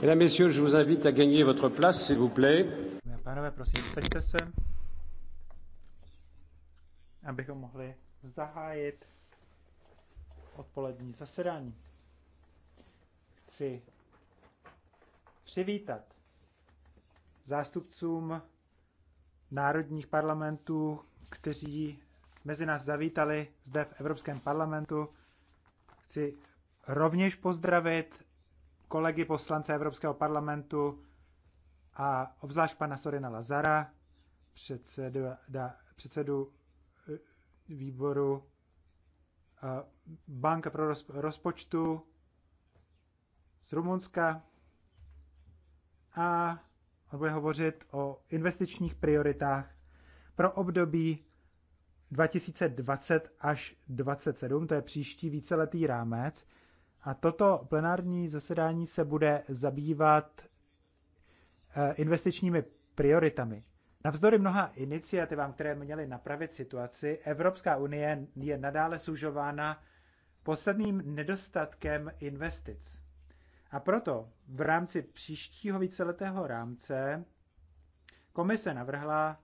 Mesdames, Messieurs, je vous invite à gagner votre place, s'il vous plaît. Pánové, prosím, usaďte se, abychom mohli zahájit odpolední zasedání. Chci přivítat zástupcům národních parlamentů, kteří mezi nás zavítali zde v Evropském parlamentu. Chci rovněž pozdravit kolegy poslance Evropského parlamentu a obzvlášť pana Sorina Lazara, předsedu, da, předsedu eh, výboru eh, Banka pro rozpočtu z Rumunska a on bude hovořit o investičních prioritách pro období 2020 až 2027, to je příští víceletý rámec. A toto plenární zasedání se bude zabývat eh, investičními prioritami. Navzdory mnoha iniciativám, které měly napravit situaci, Evropská unie je nadále sužována podstatným nedostatkem investic. A proto v rámci příštího víceletého rámce komise navrhla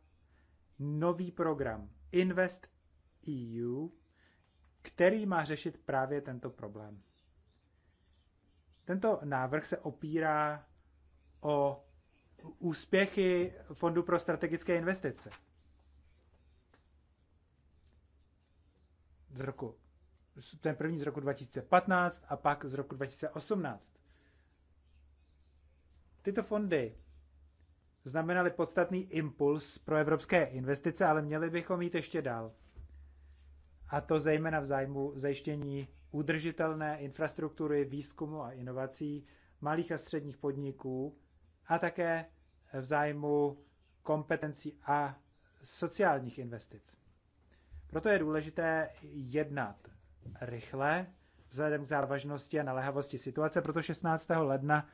nový program Invest EU, který má řešit právě tento problém. Tento návrh se opírá o úspěchy Fondu pro strategické investice z roku, ten první z roku 2015 a pak z roku 2018. Tyto fondy znamenaly podstatný impuls pro evropské investice, ale měli bychom jít ještě dál. A to zejména v zájmu zajištění udržitelné infrastruktury, výzkumu a inovací malých a středních podniků a také v zájmu kompetencí a sociálních investic. Proto je důležité jednat rychle vzhledem k závažnosti a naléhavosti situace, proto 16. ledna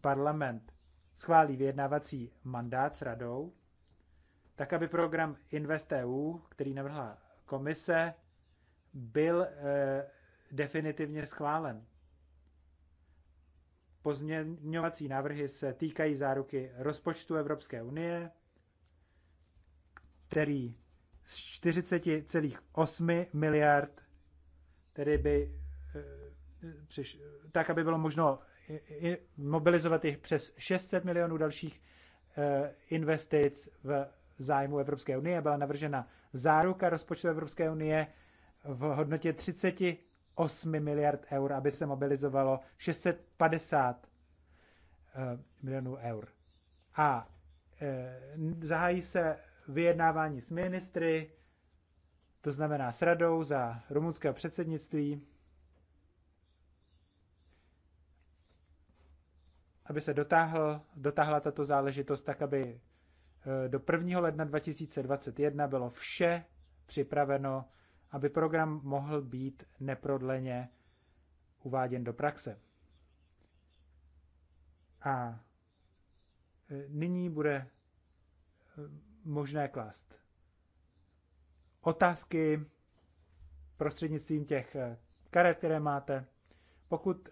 parlament schválí vyjednávací mandát s radou, tak aby program InvestEU, který navrhla komise, byl eh, definitivně schválen. Pozměňovací návrhy se týkají záruky rozpočtu Evropské unie, který z 40,8 miliard, tedy by eh, tak, aby bylo možno mobilizovat jich přes 600 milionů dalších eh, investic v zájmu Evropské unie. Byla navržena záruka rozpočtu Evropské unie v hodnotě 30 8 miliard eur, aby se mobilizovalo 650 eh, milionů eur. A eh, zahájí se vyjednávání s ministry, to znamená s radou za rumunského předsednictví, aby se dotáhl, dotáhla tato záležitost tak, aby eh, do 1. ledna 2021 bylo vše připraveno aby program mohl být neprodleně uváděn do praxe. A e, nyní bude e, možné klást otázky prostřednictvím těch e, karet, které máte. Pokud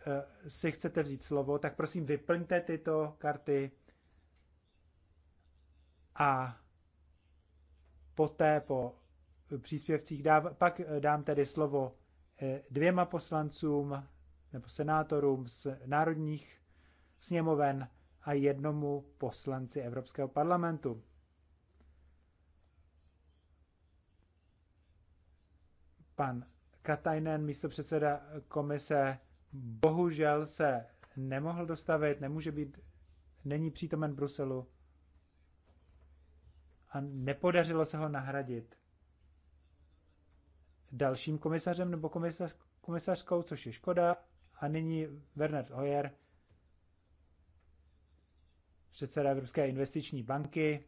si chcete vzít slovo, tak prosím vyplňte tyto karty a poté po příspěvcích. Dáv, pak eh, dám tedy slovo eh, dvěma poslancům nebo senátorům z národních sněmoven a jednomu poslanci Evropského parlamentu. Pan Katajnen, místo předseda komise, bohužel se nemohl dostavit, nemůže být, není přítomen Bruselu a nepodařilo se ho nahradit dalším komisařem nebo komisař, komisařkou, což je škoda. A nyní Bernard Hoyer, předseda Evropské investiční banky.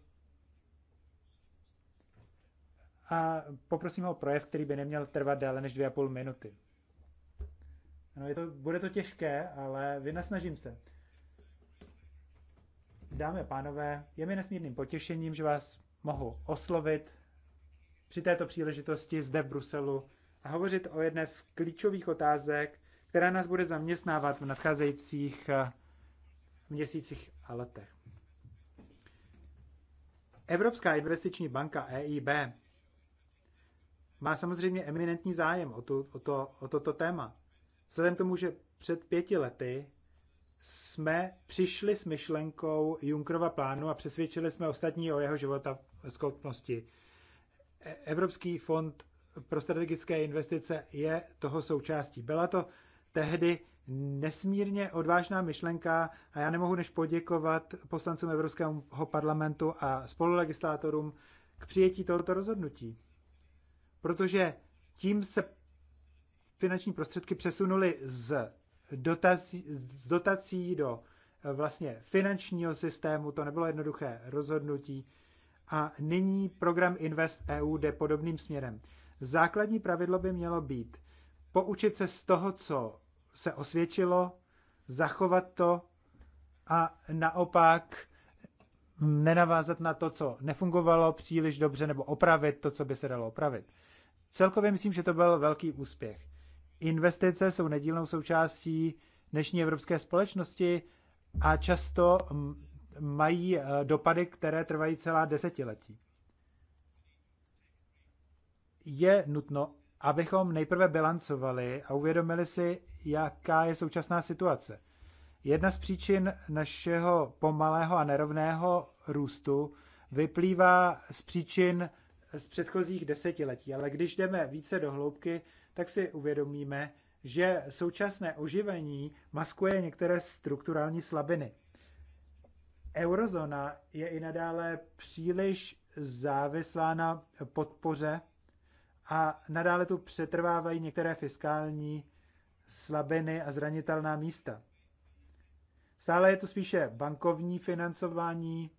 A poprosím ho o projev, který by neměl trvat déle než dvě a půl minuty. No, je to, bude to těžké, ale vynasnažím se. Dámy a pánové, je mi nesmírným potěšením, že vás mohu oslovit při této příležitosti zde v Bruselu a hovořit o jedné z klíčových otázek, která nás bude zaměstnávat v nadcházejících eh, měsících a letech. Evropská investiční banka EIB má samozřejmě eminentní zájem o, tu, o, to, o toto téma. Vzhledem tomu, že před pěti lety jsme přišli s myšlenkou Junkrova plánu a přesvědčili jsme ostatní o jeho života schopnosti. Evropský fond pro strategické investice je toho součástí. Byla to tehdy nesmírně odvážná myšlenka a já nemohu než poděkovat poslancům Evropského parlamentu a spolulegislátorům k přijetí tohoto rozhodnutí. Protože tím se finanční prostředky přesunuly z dotací, z dotací do eh, vlastně finančního systému. To nebylo jednoduché rozhodnutí. A nyní program Invest EU jde podobným směrem. Základní pravidlo by mělo být poučit se z toho, co se osvědčilo, zachovat to a naopak nenavázat na to, co nefungovalo příliš dobře, nebo opravit to, co by se dalo opravit. Celkově myslím, že to byl velký úspěch. Investice jsou nedílnou součástí dnešní evropské společnosti a často mm, mají eh, dopady, které trvají celá desetiletí. Je nutno, abychom nejprve bilancovali a uvědomili si, jaká je současná situace. Jedna z příčin našeho pomalého a nerovného růstu vyplývá z příčin z předchozích desetiletí, ale když jdeme více do hloubky, tak si uvědomíme, že současné oživení maskuje některé strukturální slabiny. Eurozóna je i nadále příliš závislá na podpoře a nadále tu přetrvávají některé fiskální slabiny a zranitelná místa. Stále je to spíše bankovní financování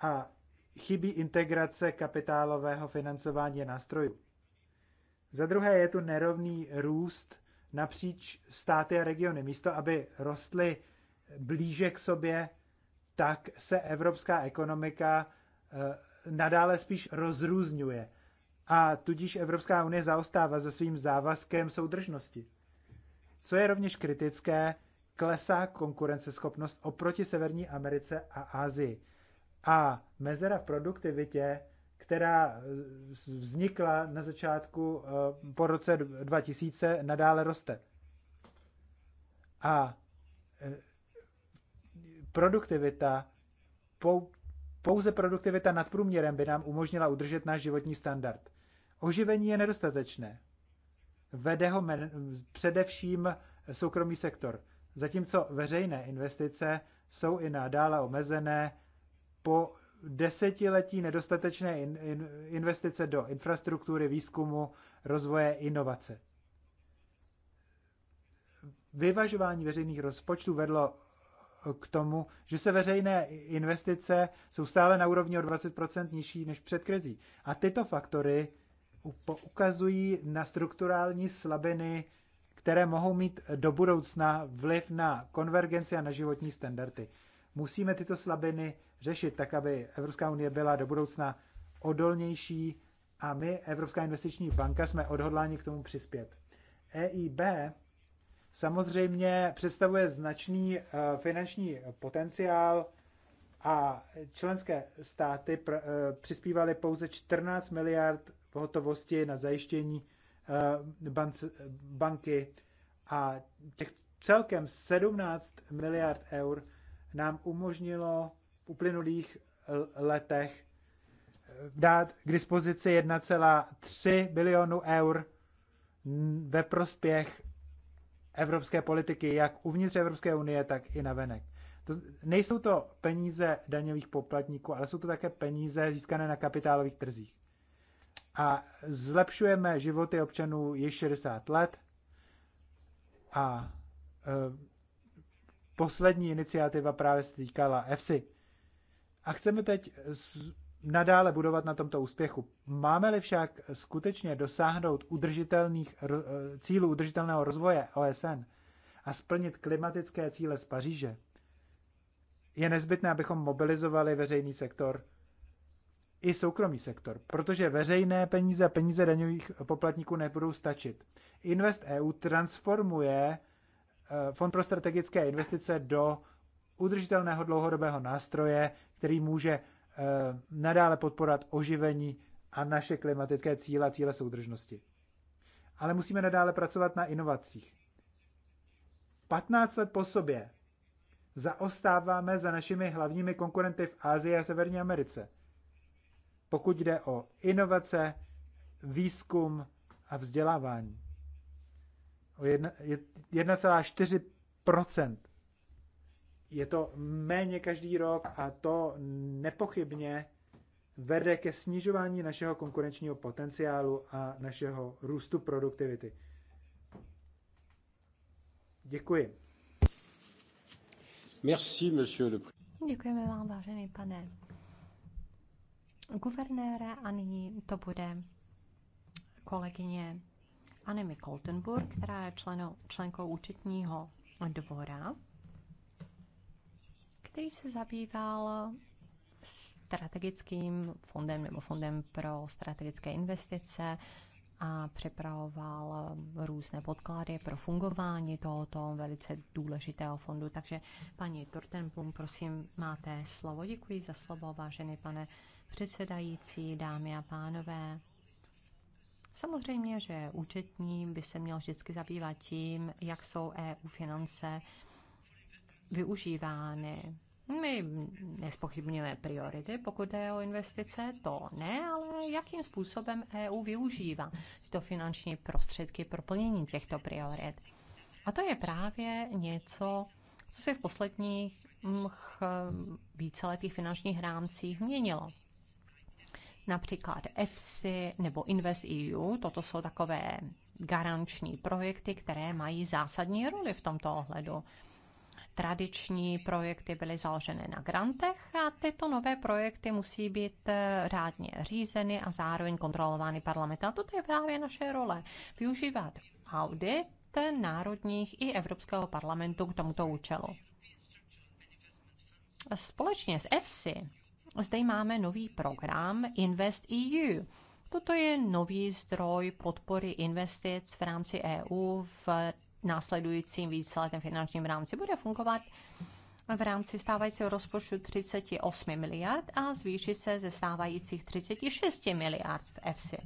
a chybí integrace kapitálového financování nástrojů. Za druhé je tu nerovný růst napříč státy a regiony. Místo, aby rostly blíže k sobě, tak se evropská ekonomika eh, nadále spíš rozrůzňuje. A tudíž Evropská unie zaostává za svým závazkem soudržnosti. Co je rovněž kritické, klesá konkurenceschopnost oproti Severní Americe a Ázii. A mezera v produktivitě, která eh, vznikla na začátku eh, po roce 2000, nadále roste. A Produktivita, pou, pouze produktivita nad průměrem by nám umožnila udržet náš životní standard. Oživení je nedostatečné. Vede ho men, především soukromý sektor, zatímco veřejné investice jsou i nadále omezené po desetiletí nedostatečné in, in, investice do infrastruktury, výzkumu, rozvoje, inovace. Vyvažování veřejných rozpočtů vedlo k tomu, že se veřejné investice jsou stále na úrovni o 20% nižší než před krizí. A tyto faktory ukazují na strukturální slabiny, které mohou mít do budoucna vliv na konvergenci a na životní standardy. Musíme tyto slabiny řešit tak, aby Evropská unie byla do budoucna odolnější a my, Evropská investiční banka, jsme odhodláni k tomu přispět. EIB samozřejmě představuje značný eh, finanční potenciál a členské státy eh, přispívaly pouze 14 miliard v hotovosti na zajištění eh, banky a těch celkem 17 miliard eur nám umožnilo v uplynulých letech dát k dispozici 1,3 bilionu eur ve prospěch evropské politiky, jak uvnitř Evropské unie, tak i venek. To, nejsou to peníze daňových poplatníků, ale jsou to také peníze získané na kapitálových trzích. A zlepšujeme životy občanů již 60 let a e, poslední iniciativa právě se týkala EFSI. A chceme teď nadále budovat na tomto úspěchu. Máme-li však skutečně dosáhnout udržitelných eh, cílů udržitelného rozvoje OSN a splnit klimatické cíle z Paříže, je nezbytné, abychom mobilizovali veřejný sektor i soukromý sektor, protože veřejné peníze a peníze daňových poplatníků nebudou stačit. Invest EU transformuje eh, Fond pro strategické investice do udržitelného dlouhodobého nástroje, který může Eh, nadále podporovat oživení a naše klimatické cíle a cíle soudržnosti. Ale musíme nadále pracovat na inovacích. 15 let po sobě zaostáváme za našimi hlavními konkurenty v Ázii a Severní Americe. Pokud jde o inovace, výzkum a vzdělávání. O 1,4 je to méně každý rok a to nepochybně vede ke snižování našeho konkurenčního potenciálu a našeho růstu produktivity. Děkuji. Merci, monsieur le Děkujeme vám, vážený pane guvernére, a nyní to bude kolegyně Anemi Koltenburg, která je členou, členkou účetního dvora který se zabýval strategickým fondem nebo fondem pro strategické investice a připravoval různé podklady pro fungování tohoto velice důležitého fondu. Takže paní Tortenblum, prosím, máte slovo. Děkuji za slovo, vážený pane předsedající, dámy a pánové. Samozřejmě, že účetní by se měl vždycky zabývat tím, jak jsou EU finance využívány my nespochybníme priority, pokud jde o investice, to ne, ale jakým způsobem EU využívá tyto finanční prostředky pro plnění těchto priorit. A to je právě něco, co se v posledních hm, víceletých finančních rámcích měnilo. Například EFSI nebo InvestEU, toto jsou takové garanční projekty, které mají zásadní roli v tomto ohledu tradiční projekty byly založeny na grantech a tyto nové projekty musí být eh, řádně řízeny a zároveň kontrolovány parlamentem. A toto je právě naše role. Využívat audit národních i Evropského parlamentu k tomuto účelu. Společně s EFSI zde máme nový program Invest EU. Toto je nový zdroj podpory investic v rámci EU v následujícím víceletém finančním rámci bude fungovat v rámci stávajícího rozpočtu 38 miliard a zvýší se ze stávajících 36 miliard v EFSI.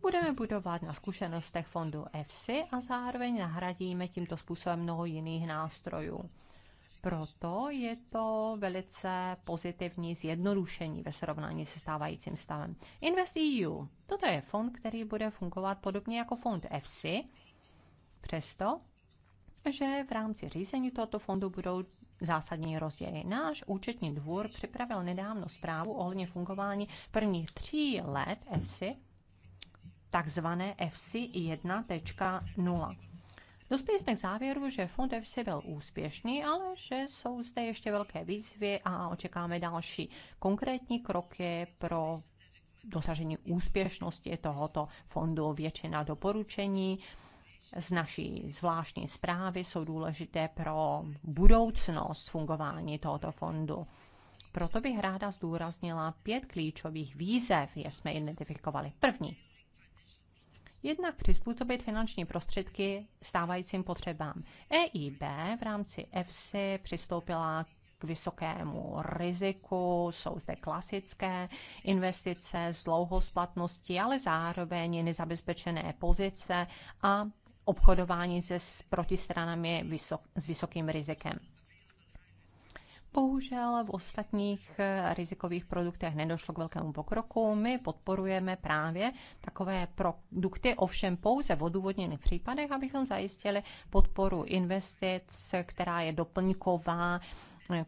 Budeme budovat na zkušenostech fondu EFSI a zároveň nahradíme tímto způsobem mnoho jiných nástrojů. Proto je to velice pozitivní zjednodušení ve srovnání se stávajícím stavem. InvestEU. Toto je fond, který bude fungovat podobně jako fond EFSI, Přesto, že v rámci řízení tohoto fondu budou zásadní rozdíly. Náš účetní dvůr připravil nedávno zprávu ohledně fungování prvních tří let EFSI, takzvané EFSI 1.0. Dospěli jsme k závěru, že fond EFSI byl úspěšný, ale že jsou zde ještě velké výzvy a očekáme další konkrétní kroky pro dosažení úspěšnosti tohoto fondu. Většina doporučení z naší zvláštní zprávy jsou důležité pro budoucnost fungování tohoto fondu. Proto bych ráda zdůraznila pět klíčových výzev, jež jsme identifikovali. První. Jednak přizpůsobit finanční prostředky stávajícím potřebám. EIB v rámci EFSI přistoupila k vysokému riziku, jsou zde klasické investice s dlouhou splatností, ale zároveň nezabezpečené pozice a obchodování se s protistranami vysok, s vysokým rizikem. Bohužel v ostatních eh, rizikových produktech nedošlo k velkému pokroku. My podporujeme právě takové produkty, ovšem pouze v odůvodněných případech, abychom zajistili podporu investic, která je doplňková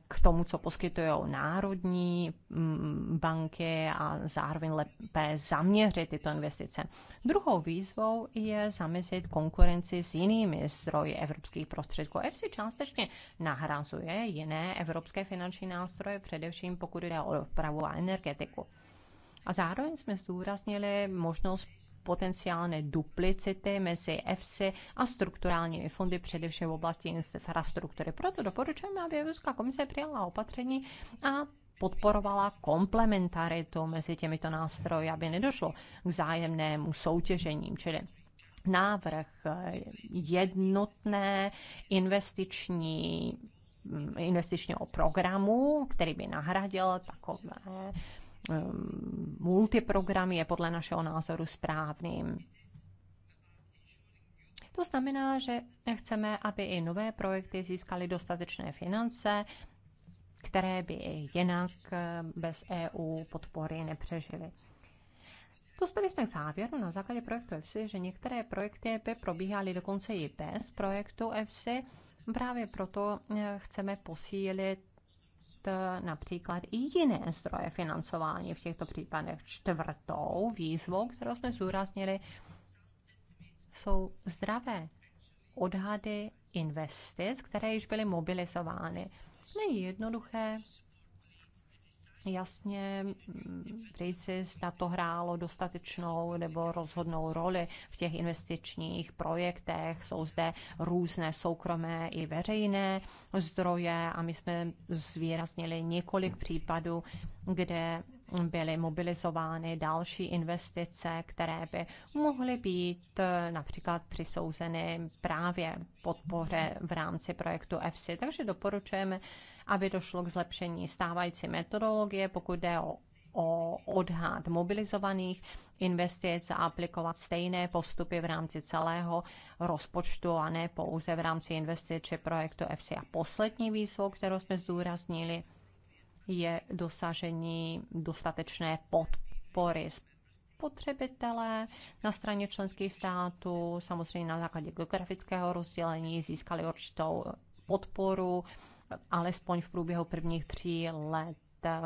k tomu, co poskytují národní mm, banky a zároveň lépe zaměřit tyto investice. Druhou výzvou je zamezit konkurenci s jinými zdroji evropských prostředků. EFSI částečně nahrazuje jiné evropské finanční nástroje, především pokud jde o dopravu a energetiku. A zároveň jsme zdůraznili možnost potenciálné duplicity mezi EFSI a strukturálními fondy, především v oblasti infrastruktury. Proto doporučujeme, aby Evropská komise přijala opatření a podporovala komplementaritu mezi těmito nástroji, aby nedošlo k zájemnému soutěžení, čili návrh jednotné investiční investičního programu, který by nahradil takové Ehm, multiprogram je podle našeho názoru správným. To znamená, že chceme, aby i nové projekty získaly dostatečné finance, které by i jinak ehm, bez EU podpory nepřežily. Dospěli jsme k závěru na základě projektu EFSI, že některé projekty by probíhaly dokonce i bez projektu EFSI. Právě proto ehm, chceme posílit Eh, například i jiné zdroje financování v těchto případech. Čtvrtou výzvou, kterou jsme zúraznili, jsou zdravé odhady investic, které již byly mobilizovány. Nejjednoduché jasně Prisys na to hrálo dostatečnou nebo rozhodnou roli v těch investičních projektech. Jsou zde různé soukromé i veřejné zdroje a my jsme zvýraznili několik případů, kde byly mobilizovány další investice, které by mohly být eh, například přisouzeny právě podpoře v rámci projektu EFSI. Takže doporučujeme aby došlo k zlepšení stávající metodologie, pokud jde o o odhad mobilizovaných investic a aplikovat stejné postupy v rámci celého rozpočtu a ne pouze v rámci investic či projektu EFSI. A poslední výzvou, kterou jsme zdůraznili, je dosažení dostatečné podpory spotřebitelé na straně členských států, samozřejmě na základě geografického rozdělení, získali určitou podporu alespoň v průběhu prvních tří let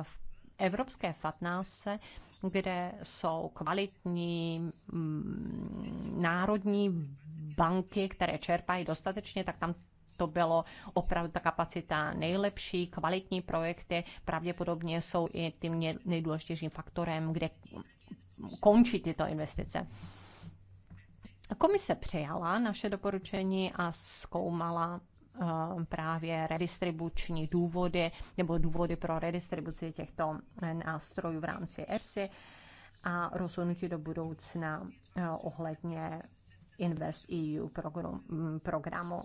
v evropské fatnáce, kde jsou kvalitní mm, národní banky, které čerpají dostatečně, tak tam to bylo opravdu ta kapacita nejlepší, kvalitní projekty, pravděpodobně jsou i tím nejdůležitějším faktorem, kde končí tyto investice. Komise přijala naše doporučení a zkoumala Eh, právě redistribuční důvody nebo důvody pro redistribuci těchto eh, nástrojů v rámci EFSI a rozhodnutí do budoucna eh, ohledně Invest EU mm, programu.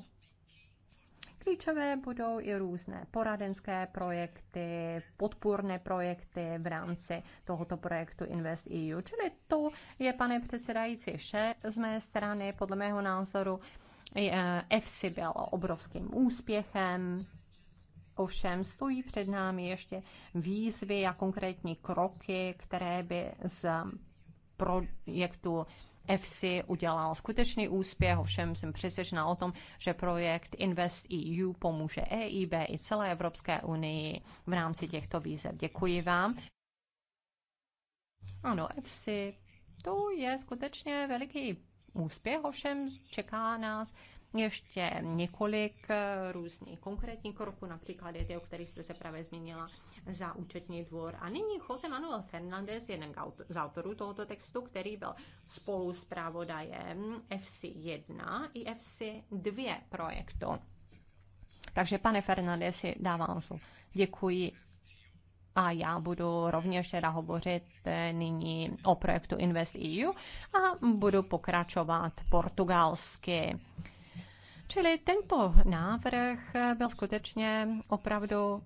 Klíčové budou i různé poradenské projekty, podpůrné projekty v rámci tohoto projektu Invest EU. Čili to je, pane předsedající, vše z mé strany. Podle mého názoru Eh, FC byl obrovským úspěchem, ovšem stojí před námi ještě výzvy a konkrétní kroky, které by z projektu FC udělal skutečný úspěch, ovšem jsem přesvědčena o tom, že projekt Invest EU pomůže EIB i celé Evropské unii v rámci těchto výzev. Děkuji vám. Ano, FC to je skutečně veliký úspěch, ovšem čeká nás ještě několik eh, různých konkrétních kroků, například je ty, o kterých jste se právě zmínila za účetní dvor. A nyní Jose Manuel Fernández, jeden z autorů tohoto textu, který byl spolu s právodajem FC1 i FC2 projektu. Takže pane Fernandesi, dávám slovo. Děkuji a já budu rovněž teda hovořit eh, nyní o projektu Invest EU a budu pokračovat portugalsky. Čili tento návrh eh, byl skutečně opravdu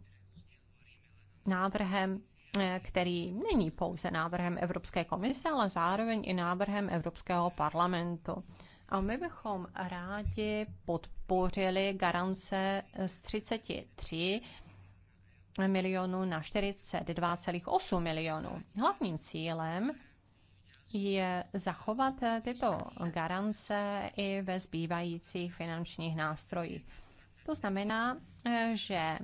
návrhem, eh, který není pouze návrhem Evropské komise, ale zároveň i návrhem Evropského parlamentu. A my bychom rádi podpořili garance z 33 milionů na 42,8 milionů. Hlavním cílem je zachovat tyto garance i ve zbývajících finančních nástrojích. To znamená, že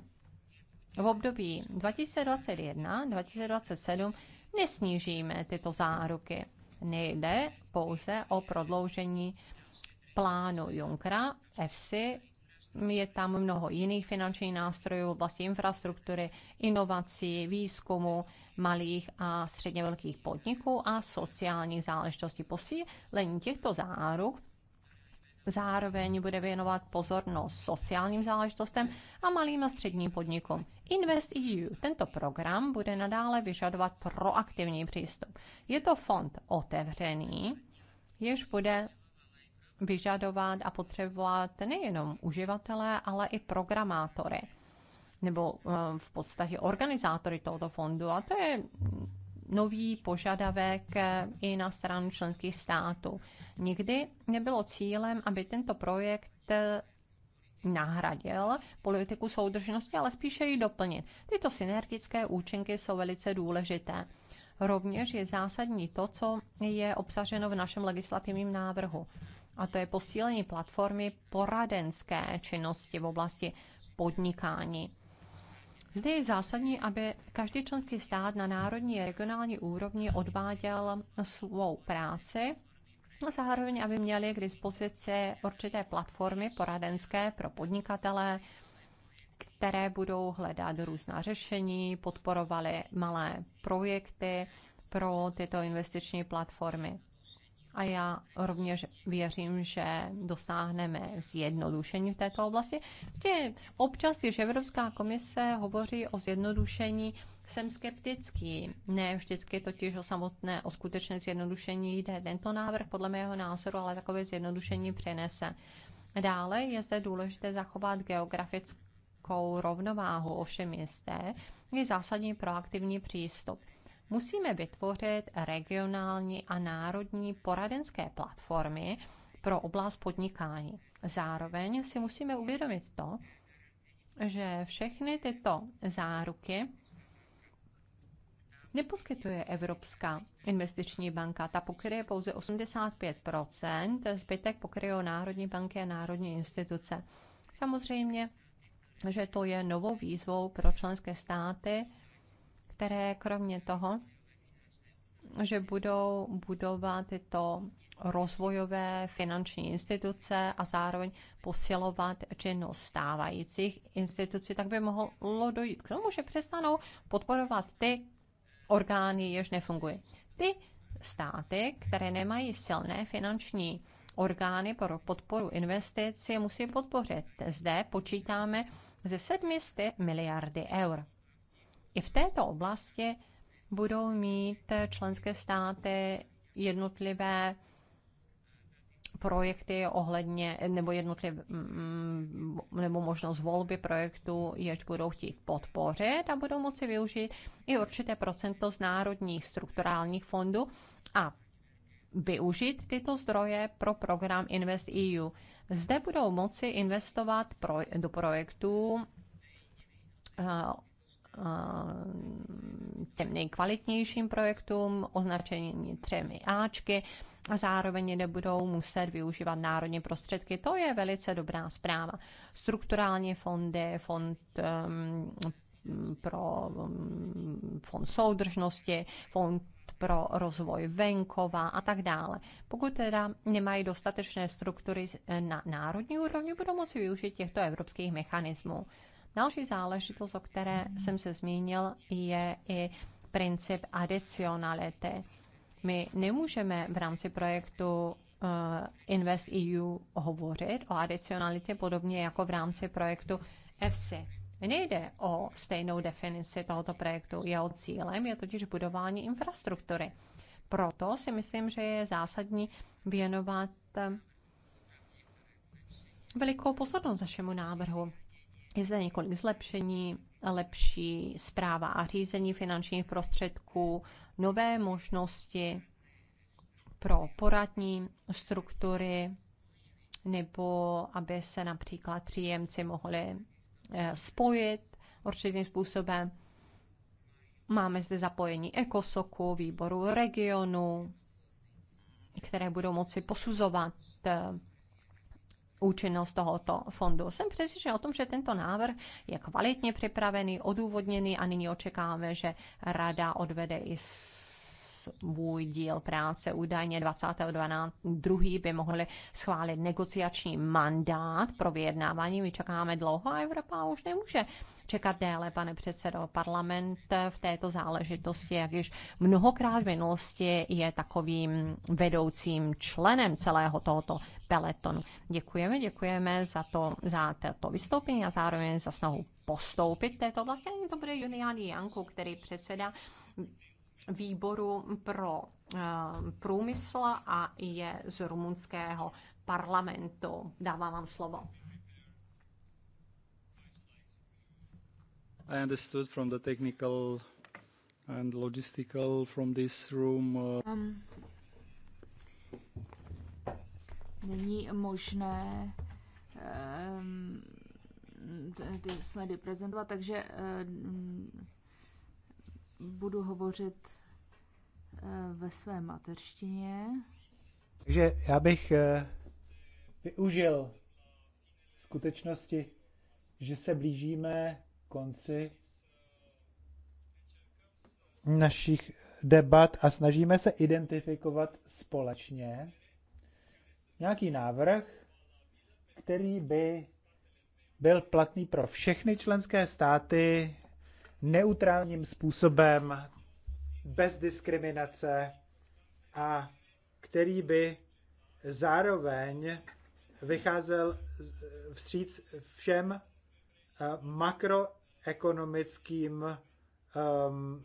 v období 2021-2027 nesnížíme tyto záruky. Nejde pouze o prodloužení plánu Junkra, EFSI je tam mnoho jiných finančních nástrojů v oblasti infrastruktury, inovací, výzkumu malých a středně velkých podniků a sociálních záležitostí. Posílení těchto záruk zároveň bude věnovat pozornost sociálním záležitostem a malým a středním podnikům. Invest EU. Tento program bude nadále vyžadovat proaktivní přístup. Je to fond otevřený, jež bude vyžadovat a potřebovat nejenom uživatelé, ale i programátory nebo eh, v podstatě organizátory tohoto fondu. A to je nový požadavek eh, i na stranu členských států. Nikdy nebylo cílem, aby tento projekt eh, nahradil politiku soudržnosti, ale spíše ji doplnit. Tyto synergické účinky jsou velice důležité. Rovněž je zásadní to, co je obsaženo v našem legislativním návrhu a to je posílení platformy poradenské činnosti v oblasti podnikání. Zde je zásadní, aby každý členský stát na národní a regionální úrovni odváděl svou práci a zároveň, aby měli k dispozici určité platformy poradenské pro podnikatele, které budou hledat různá řešení, podporovali malé projekty pro tyto investiční platformy a já rovněž věřím, že dosáhneme zjednodušení v této oblasti. Tě občas, když Evropská komise hovoří o zjednodušení, jsem skeptický. Ne vždycky totiž o samotné, o skutečné zjednodušení jde. Tento návrh podle mého názoru ale takové zjednodušení přinese. Dále je zde důležité zachovat geografickou rovnováhu, ovšem jisté, je zásadní proaktivní přístup musíme vytvořit regionální a národní poradenské platformy pro oblast podnikání. Zároveň si musíme uvědomit to, že všechny tyto záruky neposkytuje Evropská investiční banka. Ta pokryje pouze 85 zbytek pokryje národní banky a národní instituce. Samozřejmě, že to je novou výzvou pro členské státy které kromě toho, že budou budovat tyto rozvojové finanční instituce a zároveň posilovat činnost stávajících institucí, tak by mohlo dojít k tomu, že přestanou podporovat ty orgány, jež nefungují. Ty státy, které nemají silné finanční orgány pro podporu investic, je musí podpořit. Zde počítáme ze 700 miliardy eur. I v této oblasti budou mít členské státy jednotlivé projekty ohledně, nebo jednotlivé, mm, nebo možnost volby projektu, jež budou chtít podpořit a budou moci využít i určité procento z národních strukturálních fondů a využít tyto zdroje pro program Invest EU. Zde budou moci investovat pro, do projektů eh, Eh, těm nejkvalitnějším projektům, označenými třemi Ačky a zároveň nebudou muset využívat národní prostředky. To je velice dobrá zpráva. Strukturální fondy, fond pro fond soudržnosti, fond pro rozvoj venkova a tak dále. Pokud teda nemají dostatečné struktury na národní úrovni, budou moci využít těchto evropských mechanismů. Další záležitost, o které jsem se zmínil, je i princip adicionality. My nemůžeme v rámci projektu eh, Invest EU hovořit o adicionalitě podobně jako v rámci projektu EFSI. Nejde o stejnou definici tohoto projektu. Jeho cílem je totiž budování infrastruktury. Proto si myslím, že je zásadní věnovat eh, velikou pozornost našemu návrhu. Je zde několik zlepšení, lepší zpráva a řízení finančních prostředků, nové možnosti pro poradní struktury, nebo aby se například příjemci mohli eh, spojit určitým způsobem. Máme zde zapojení ekosoku, výboru regionu, které budou moci posuzovat eh, účinnost tohoto fondu. Jsem přesvědčen o tom, že tento návrh je kvalitně připravený, odůvodněný a nyní očekáváme, že rada odvede i svůj díl práce. Údajně 22. by mohli schválit negociační mandát pro vyjednávání. My čekáme dlouho a Evropa už nemůže čekat déle, pane předsedo. Parlament v této záležitosti, jak již mnohokrát v minulosti, je takovým vedoucím členem celého tohoto peletonu. Děkujeme, děkujeme za to, za to vystoupení a zároveň za snahu postoupit této oblasti. Ani to bude Julian Janku, který předseda výboru pro eh, průmysl a je z rumunského parlamentu. Dávám vám slovo. I understood from the technical and logistical from this room. Uh... Um, není možné um, ty sledy prezentovat, takže um, budu hovořit uh, ve své mateřštině. Takže já bych uh, využil skutečnosti, že se blížíme konci našich debat a snažíme se identifikovat společně nějaký návrh, který by byl platný pro všechny členské státy neutrálním způsobem, bez diskriminace a který by zároveň vycházel vstříc všem eh, makro ekonomickým um,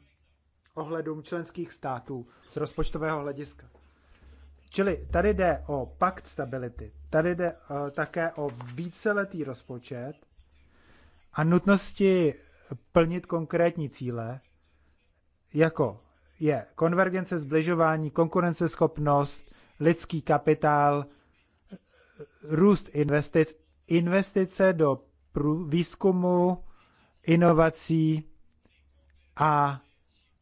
ohledům členských států z rozpočtového hlediska. Čili tady jde o pakt stability, tady jde uh, také o víceletý rozpočet a nutnosti plnit konkrétní cíle, jako je konvergence, zbližování, konkurenceschopnost, lidský kapitál, růst investic, investice do prů, výzkumu, inovací a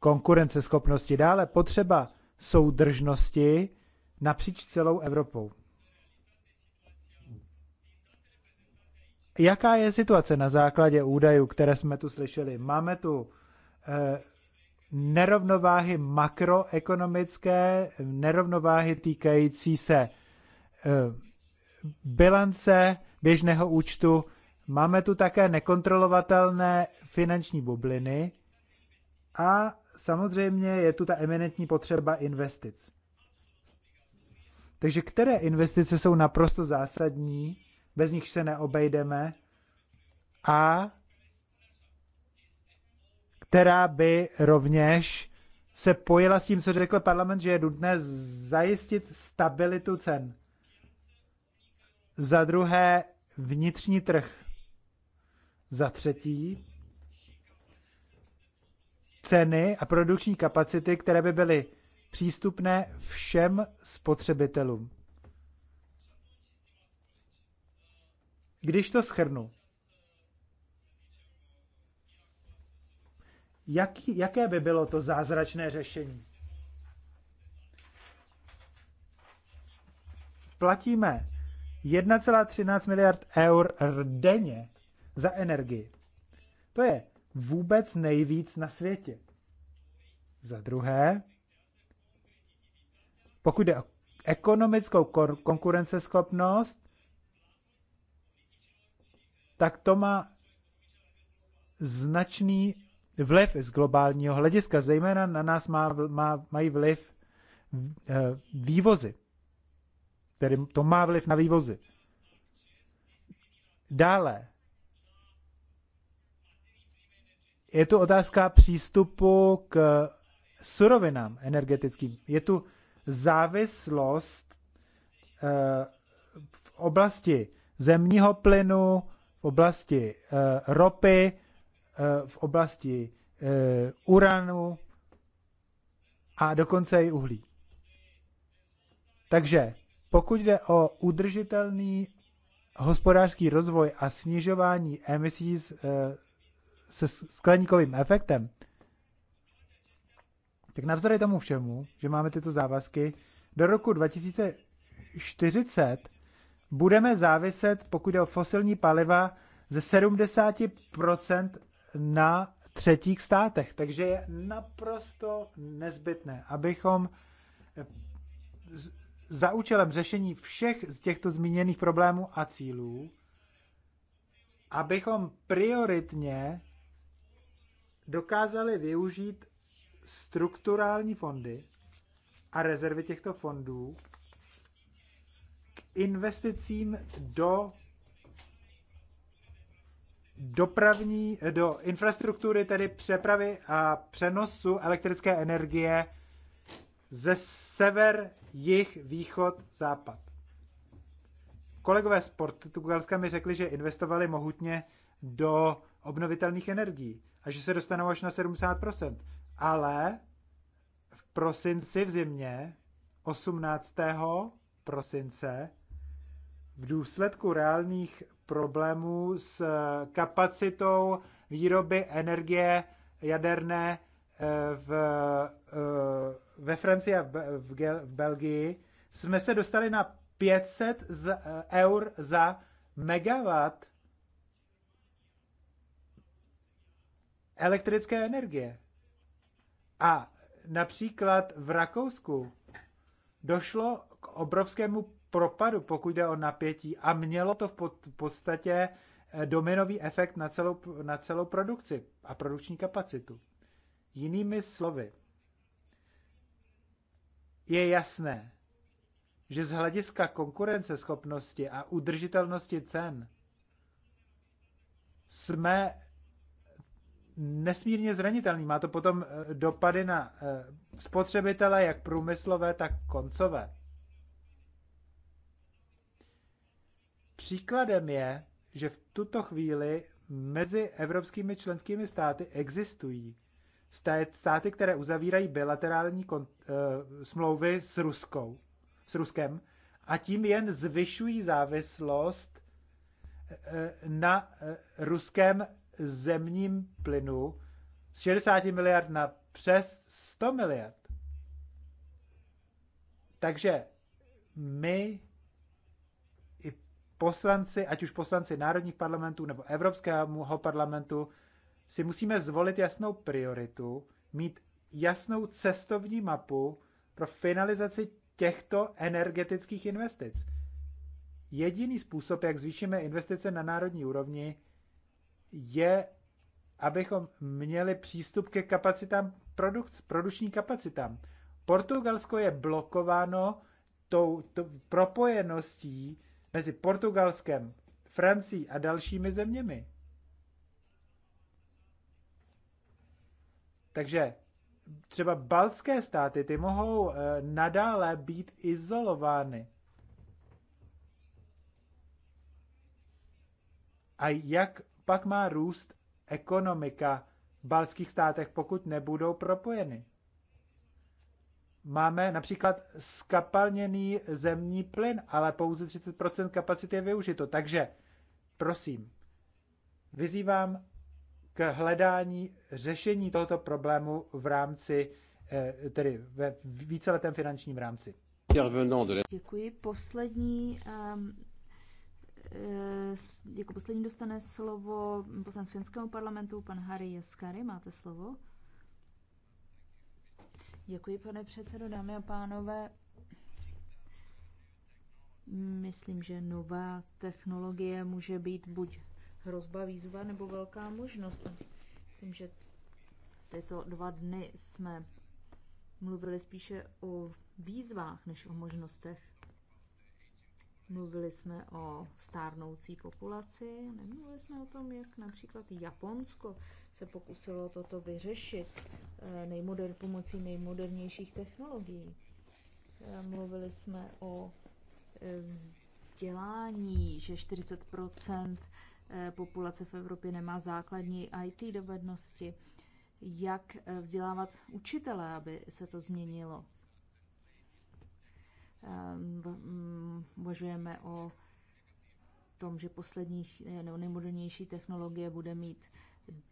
konkurenceschopnosti. Dále potřeba soudržnosti napříč celou Evropou. Jaká je situace na základě údajů, které jsme tu slyšeli? Máme tu eh, nerovnováhy makroekonomické, nerovnováhy týkající se eh, bilance běžného účtu, Máme tu také nekontrolovatelné finanční bubliny a samozřejmě je tu ta eminentní potřeba investic. Takže které investice jsou naprosto zásadní, bez nich se neobejdeme a která by rovněž se pojela s tím, co řekl parlament, že je nutné zajistit stabilitu cen. Za druhé, vnitřní trh. Za třetí, ceny a produkční kapacity, které by byly přístupné všem spotřebitelům. Když to schrnu, jaký, jaké by bylo to zázračné řešení? Platíme 1,13 miliard eur denně za energii. To je vůbec nejvíc na světě. Za druhé, pokud jde o ekonomickou konkurenceschopnost, tak to má značný vliv z globálního hlediska. Zejména na nás má, má, mají vliv eh, vývozy. Tedy to má vliv na vývozy. Dále, Je tu otázka přístupu k surovinám energetickým. Je tu závislost eh, v oblasti zemního plynu, v oblasti eh, ropy, eh, v oblasti uranu a dokonce i uhlí. Takže pokud jde o udržitelný hospodářský rozvoj a snižování emisí z, se skleníkovým efektem, tak navzdory tomu všemu, že máme tyto závazky, do roku 2040 budeme záviset, pokud jde o fosilní paliva, ze 70% na třetích státech. Takže je naprosto nezbytné, abychom eh, za účelem řešení všech z těchto zmíněných problémů a cílů, abychom prioritně dokázali využít strukturální fondy a rezervy těchto fondů k investicím do dopravní, do infrastruktury, tedy přepravy a přenosu elektrické energie ze sever, jih, východ, západ. Kolegové z Portugalska mi řekli, že investovali mohutně do obnovitelných energií a že se dostanou až na 70%. Ale v prosinci v zimě, 18. prosince, v důsledku reálných problémů s kapacitou výroby energie jaderné eh, v, eh, ve Francii a v, Belgii, jsme se dostali na 500 z eh, eur za megawatt elektrické energie. A například v Rakousku došlo k obrovskému propadu, pokud jde o napětí a mělo to v podstatě eh, dominový efekt na celou, na celou produkci a produkční kapacitu. Jinými slovy, je jasné, že z hlediska konkurenceschopnosti a udržitelnosti cen jsme nesmírně zranitelný. Má to potom eh, dopady na eh, spotřebitele, jak průmyslové, tak koncové. Příkladem je, že v tuto chvíli mezi evropskými členskými státy existují státy, které uzavírají bilaterální kon, e, smlouvy s, Ruskou, s Ruskem a tím jen zvyšují závislost e, na e, ruském zemním plynu z 60 miliard na přes 100 miliard. Takže my i poslanci, ať už poslanci národních parlamentů nebo Evropského parlamentu, si musíme zvolit jasnou prioritu, mít jasnou cestovní mapu pro finalizaci těchto energetických investic. Jediný způsob, jak zvýšíme investice na národní úrovni, je, abychom měli přístup ke kapacitám, produkc, produční kapacitám. Portugalsko je blokováno tou, tou propojeností mezi Portugalskem, Francií a dalšími zeměmi. Takže třeba baltské státy, ty mohou eh, nadále být izolovány. A jak pak má růst ekonomika v baltských státech, pokud nebudou propojeny. Máme například skapalněný zemní plyn, ale pouze 30% kapacity je využito. Takže prosím, vyzývám k hledání řešení tohoto problému v rámci, eh, tedy ve víceletém finančním rámci. Děkuji. Poslední um Eh, jako poslední dostane slovo poslanec finského parlamentu, pan Harry Jaskary, máte slovo. Děkuji, pane předsedo, dámy a pánové. Myslím, že nová technologie může být buď hrozba, výzva nebo velká možnost. Myslím, že tyto dva dny jsme mluvili spíše o výzvách než o možnostech. Mluvili jsme o stárnoucí populaci, nemluvili jsme o tom, jak například Japonsko se pokusilo toto vyřešit eh, nejmoder, pomocí nejmodernějších technologií. Eh, mluvili jsme o eh, vzdělání, že 40 populace v Evropě nemá základní IT dovednosti. Jak vzdělávat učitele, aby se to změnilo? uvažujeme o tom, že posledních eh, nebo nejmodernější technologie bude mít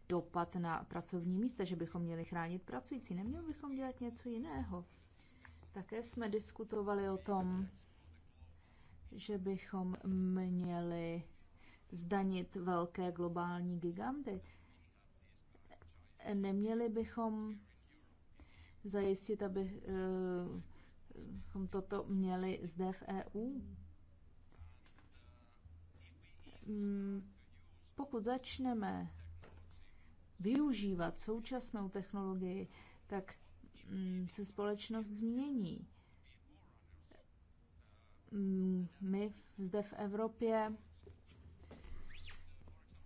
dopad na pracovní místa, že bychom měli chránit pracující, neměli bychom dělat něco jiného. Také jsme diskutovali o tom, že bychom měli zdanit velké globální giganty. Neměli bychom zajistit, abychom eh, toto měli zde v EU. Mm, pokud začneme využívat současnou technologii, tak mm, se společnost změní. Mm, my zde v Evropě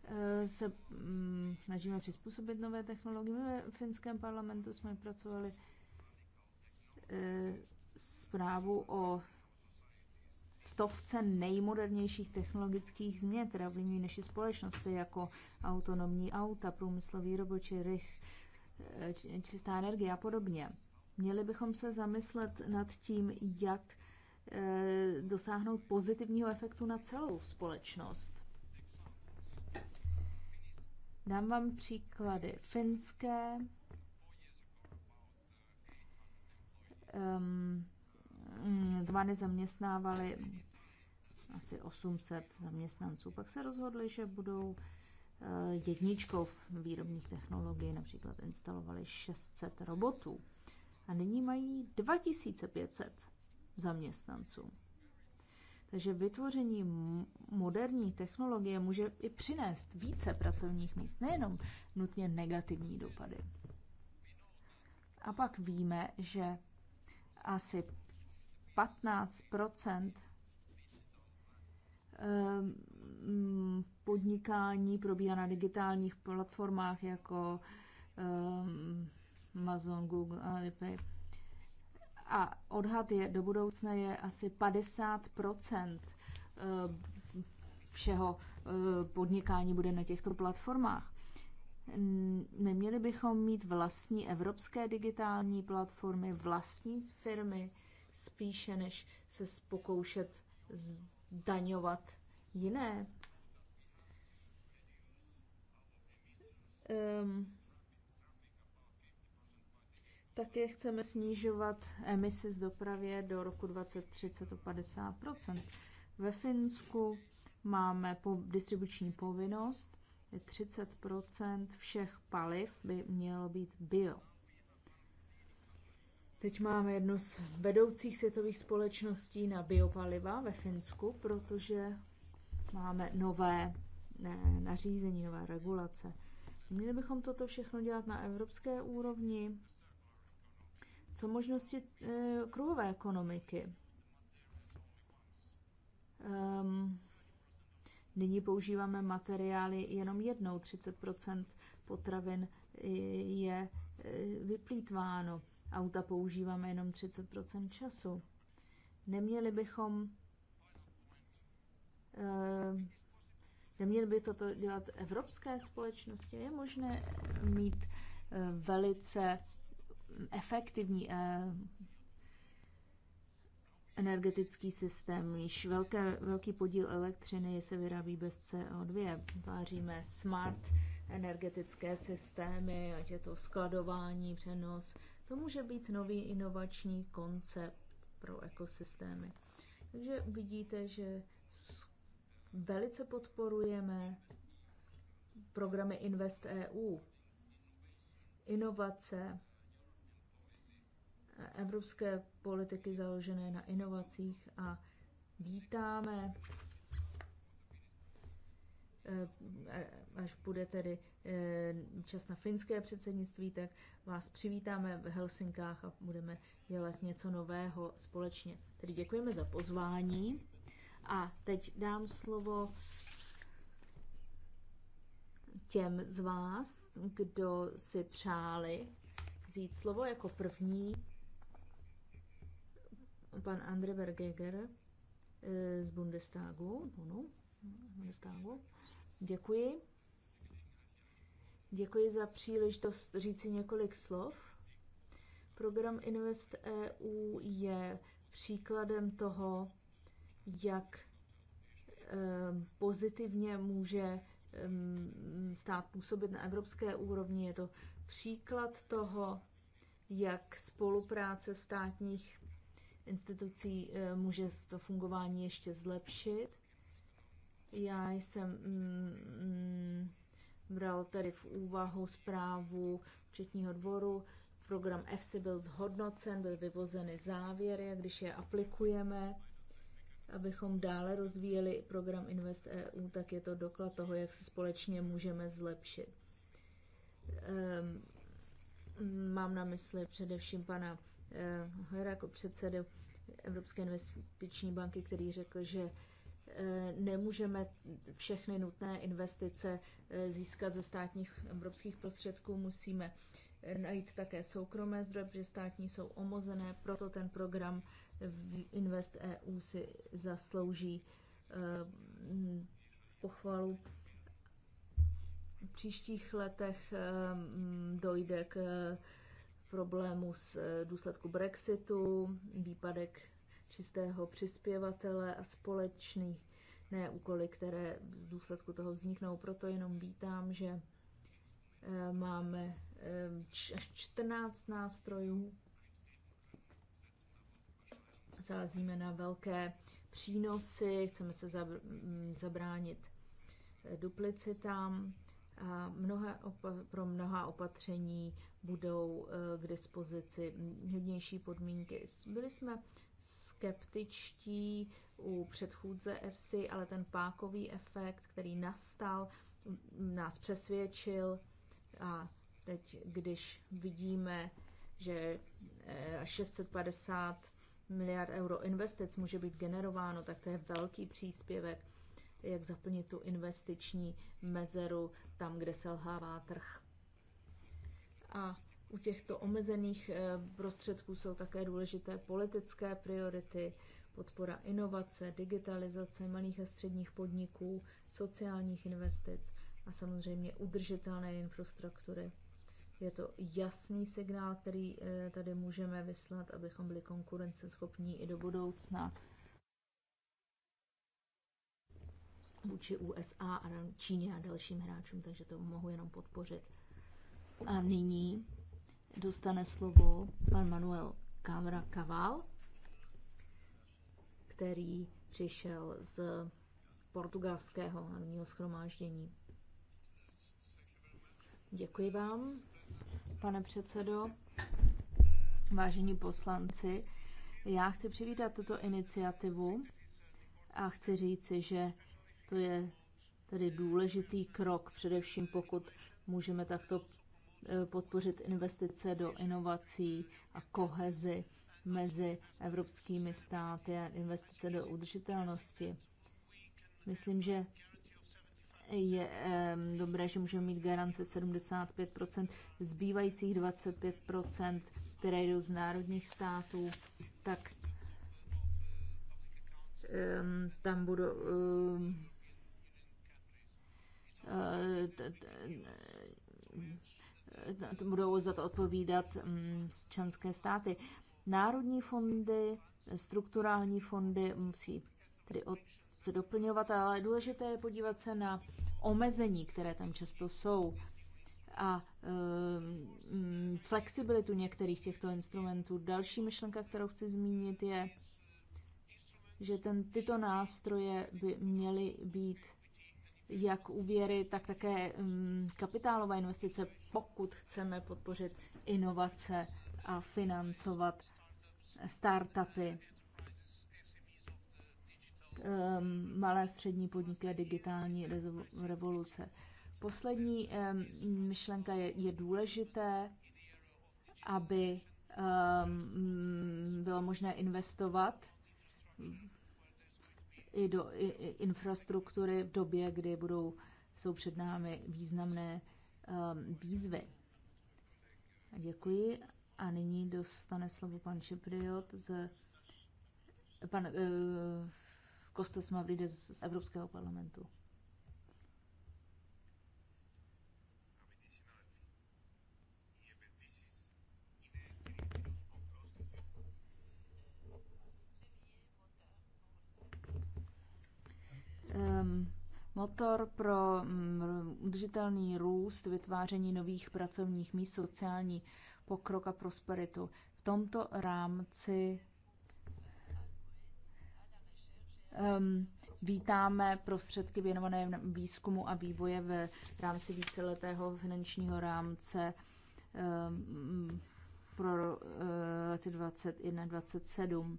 eh, se snažíme přizpůsobit nové technologie. My ve finském parlamentu jsme pracovali eh, zprávu o stovce nejmodernějších technologických změn, která ovlivňují naši společnost, jako autonomní auta, průmyslový roboči, rych, eh, čistá energie a podobně. Měli bychom se zamyslet nad tím, jak eh, dosáhnout pozitivního efektu na celou společnost. Dám vám příklady finské, ehm, Mm, dva nezaměstnávali asi 800 zaměstnanců. Pak se rozhodli, že budou eh, jedničkou v výrobních technologií, například instalovali 600 robotů. A nyní mají 2500 zaměstnanců. Takže vytvoření moderní technologie může i přinést více pracovních míst, nejenom nutně negativní dopady. A pak víme, že asi 15 ehm, podnikání probíhá na digitálních platformách jako ehm, Amazon, Google, Alipay. A odhad je do budoucna je asi 50 ehm, všeho podnikání bude na těchto platformách. Neměli bychom mít vlastní evropské digitální platformy, vlastní firmy, spíše než se pokoušet zdaňovat jiné. Um, také chceme snižovat emise z dopravě do roku 2030 o 50 Ve Finsku máme po distribuční povinnost, 30 všech paliv by mělo být bio. Teď máme jednu z vedoucích světových společností na biopaliva ve Finsku, protože máme nové ne, nařízení, nové regulace. Měli bychom toto všechno dělat na evropské úrovni. Co možnosti e, kruhové ekonomiky? Um, nyní používáme materiály jenom jednou, 30 potravin eh, je eh, vyplýtváno Auta používáme jenom 30 času. Neměli bychom. Eh, neměli by toto dělat evropské společnosti? Je možné mít eh, velice efektivní eh, energetický systém, již velké, velký podíl elektřiny se vyrábí bez CO2. Tváříme smart energetické systémy, ať je to skladování, přenos, to může být nový inovační koncept pro ekosystémy. Takže vidíte, že velice podporujeme programy Invest EU, inovace, eh, evropské politiky založené na inovacích a vítáme Eh, až bude tedy eh, čas na finské předsednictví, tak vás přivítáme v Helsinkách a budeme dělat něco nového společně. Tedy děkujeme za pozvání a teď dám slovo těm z vás, kdo si přáli vzít slovo jako první pan Andre Bergeger eh, z Bundestagu, no, Bundestagu. Děkuji. Děkuji za příležitost říci několik slov. Program Invest EU je příkladem toho, jak ehm, pozitivně může ehm, stát působit na evropské úrovni. Je to příklad toho, jak spolupráce státních institucí ehm, může to fungování ještě zlepšit. Já jsem mm, mm, bral tedy v úvahu zprávu včetního dvoru. Program EFSI byl zhodnocen, byly vyvozeny závěry když je aplikujeme, abychom dále rozvíjeli program Invest EU, tak je to doklad toho, jak se společně můžeme zlepšit. Um, mám na mysli především pana uh, Hojera jako předsedu Evropské investiční banky, který řekl, že Eh, nemůžeme všechny nutné investice eh, získat ze státních evropských prostředků, musíme najít také soukromé zdroje, protože státní jsou omozené, proto ten program Invest EU si zaslouží eh, pochvalu. V příštích letech dojde k problému s důsledku Brexitu, výpadek čistého přispěvatele a společný, ne úkoly, které z důsledku toho vzniknou. Proto jenom vítám, že eh, máme eh, až 14 nástrojů. Zázíme na velké přínosy, chceme se mm, zabránit eh, duplicitám. A mnoha pro mnoha opatření budou k dispozici hodnější podmínky. Byli jsme skeptičtí u předchůdce FC, ale ten pákový efekt, který nastal, nás přesvědčil a teď, když vidíme, že 650 eh, miliard euro investic může být generováno, tak to je velký příspěvek, jak zaplnit tu investiční mezeru tam, kde selhává trh. A u těchto omezených eh, prostředků jsou také důležité politické priority, podpora inovace, digitalizace malých a středních podniků, sociálních investic a samozřejmě udržitelné infrastruktury. Je to jasný signál, který eh, tady můžeme vyslat, abychom byli konkurenceschopní i do budoucna vůči USA a Číně a dalším hráčům, takže to mohu jenom podpořit. A nyní dostane slovo pan Manuel Kávra Kaval, který přišel z portugalského hlavního schromáždění. Děkuji vám, pane předsedo, vážení poslanci. Já chci přivítat tuto iniciativu a chci říci, že to je tedy důležitý krok, především pokud můžeme takto Eh, podpořit investice do inovací a kohezi mezi evropskými státy a investice do udržitelnosti. Myslím, že je dobré, že můžeme mít garance 75 zbývajících 25 které jdou z národních států, tak tam budou eh, budou za to odpovídat mm, členské státy. Národní fondy, strukturální fondy musí tedy od, se doplňovat, ale důležité je podívat se na omezení, které tam často jsou a mm, flexibilitu některých těchto instrumentů. Další myšlenka, kterou chci zmínit, je, že ten, tyto nástroje by měly být jak úvěry, tak také mm, kapitálové investice, pokud chceme podpořit inovace a financovat startupy, ehm, malé střední podniky a digitální revoluce. Poslední ehm, myšlenka je, je důležité, aby ehm, bylo možné investovat i do i, i infrastruktury v době, kdy budou, jsou před námi významné um, výzvy. Děkuji. A nyní dostane slovo pan Šepriot z pan uh, Kostas Mavrides z Evropského parlamentu. motor pro mm, udržitelný růst, vytváření nových pracovních míst, sociální pokrok a prosperitu. V tomto rámci um, vítáme prostředky věnované výzkumu a vývoje v rámci víceletého finančního rámce um, pro uh, 2021 21-27.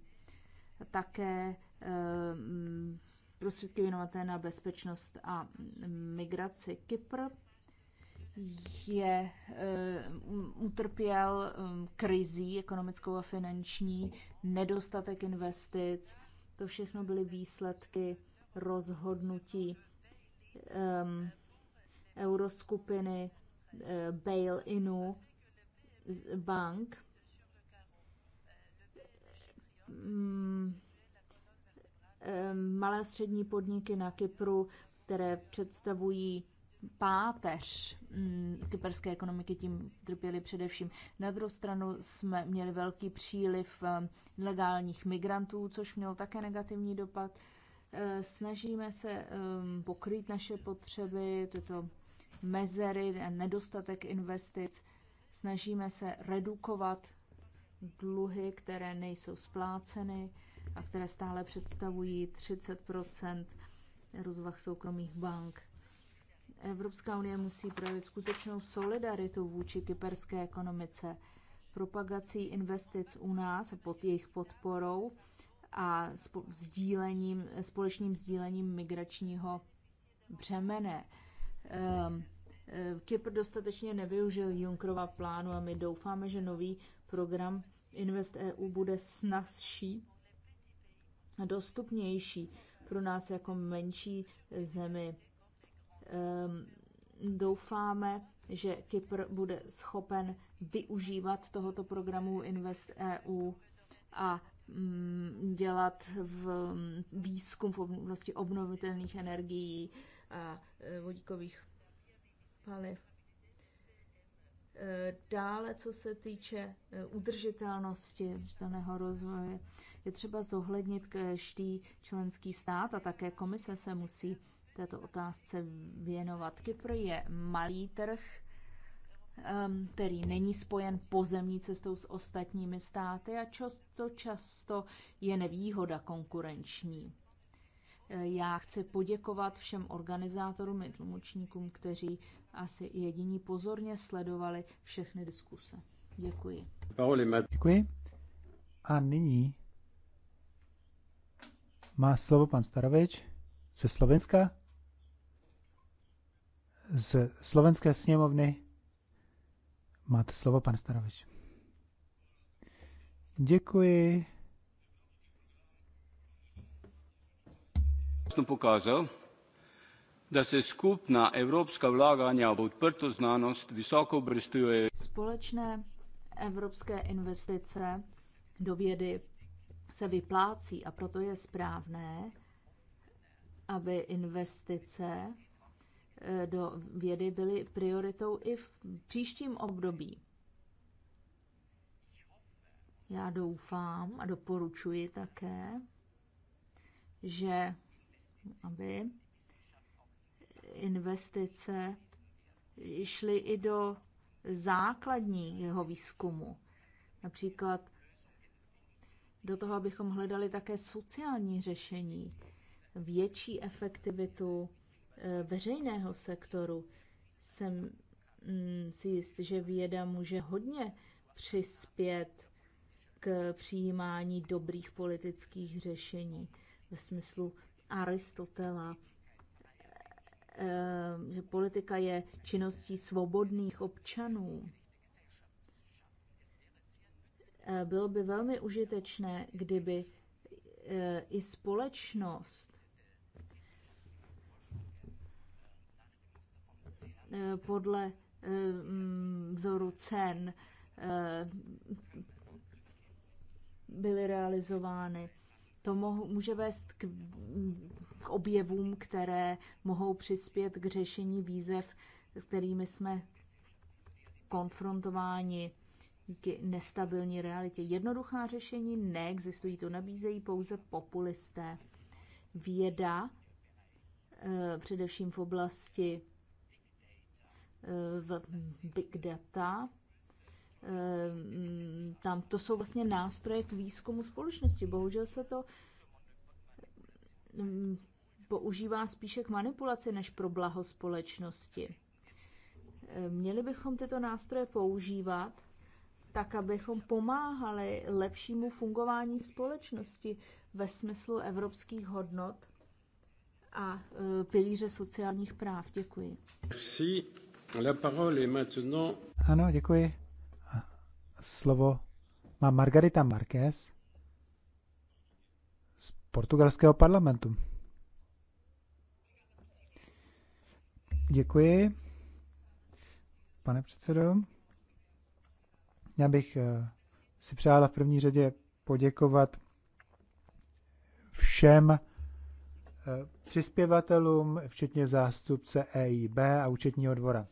Také um, prostředky věnované na bezpečnost a migraci. Kypr je, uh, utrpěl um, krizí ekonomickou a finanční, nedostatek investic. To všechno byly výsledky rozhodnutí um, euroskupiny uh, eh, bail-inu bank. Um, Eh, malé a střední podniky na Kypru, které představují páteř mm, kyperské ekonomiky, tím trpěli především. Na druhou stranu jsme měli velký příliv eh, legálních migrantů, což mělo také negativní dopad. Eh, snažíme se pokrýt naše potřeby, tyto mezery nedostatek investic. Snažíme se redukovat dluhy, které nejsou spláceny a které stále představují 30 rozvah soukromých bank. Evropská unie musí projevit skutečnou solidaritu vůči kyperské ekonomice, propagací investic u nás pod jejich podporou a sdílením, společným sdílením migračního břemene. Ehm, ehm, Kypr dostatečně nevyužil Junkrova plánu a my doufáme, že nový program Invest EU bude snazší dostupnější pro nás jako menší zemi. Ehm, doufáme, že Kypr bude schopen využívat tohoto programu Invest EU a mm, dělat v mm, výzkum v oblasti obnovitelných energií a e, vodíkových paliv. Eh, dále, co se týče eh, udržitelnosti, udržitelného rozvoje, je třeba zohlednit eh, každý členský stát a také komise se musí této otázce věnovat. Kypr je malý trh, ehm, který není spojen pozemní cestou s ostatními státy a často, často je nevýhoda konkurenční. Já chci poděkovat všem organizátorům i tlumočníkům, kteří asi jediní pozorně sledovali všechny diskuse. Děkuji. Děkuji. A nyní má slovo pan Starovič ze Slovenska, z Slovenské sněmovny. Máte slovo, pan Starovič. Děkuji. Jsem pokázal, da se skupna evropska vláganja v odprto znanost visoko obrestujejo. Společné evropské investice do vědy se vyplácí a proto je správné, aby investice eh, do vědy byly prioritou i v příštím období. Já doufám a doporučuji také, že aby investice šly i do základního výzkumu. Například do toho, abychom hledali také sociální řešení, větší efektivitu eh, veřejného sektoru. Jsem mm, si jist, že věda může hodně přispět k přijímání dobrých politických řešení ve smyslu Aristotela Eh, že politika je činností svobodných občanů. Eh, bylo by velmi užitečné, kdyby eh, i společnost podle mm, vzoru cen byly realizovány. To může vést k k objevům, které mohou přispět k řešení výzev, s kterými jsme konfrontováni díky nestabilní realitě. Jednoduchá řešení neexistují, to nabízejí pouze populisté. Věda, eh, především v oblasti eh, v big data, eh, tam to jsou vlastně nástroje k výzkumu společnosti. Bohužel se to mm, používá spíše k manipulaci než pro blaho společnosti. E, měli bychom tyto nástroje používat tak, abychom pomáhali lepšímu fungování společnosti ve smyslu evropských hodnot a e, pilíře sociálních práv. Děkuji. Merci. La parole est maintenant... Ano, děkuji. Slovo má Margarita Marquez z portugalského parlamentu. Děkuji, pane předsedo. Já bych eh, si přála v první řadě poděkovat všem eh, přispěvatelům, včetně zástupce EIB a účetního dvora.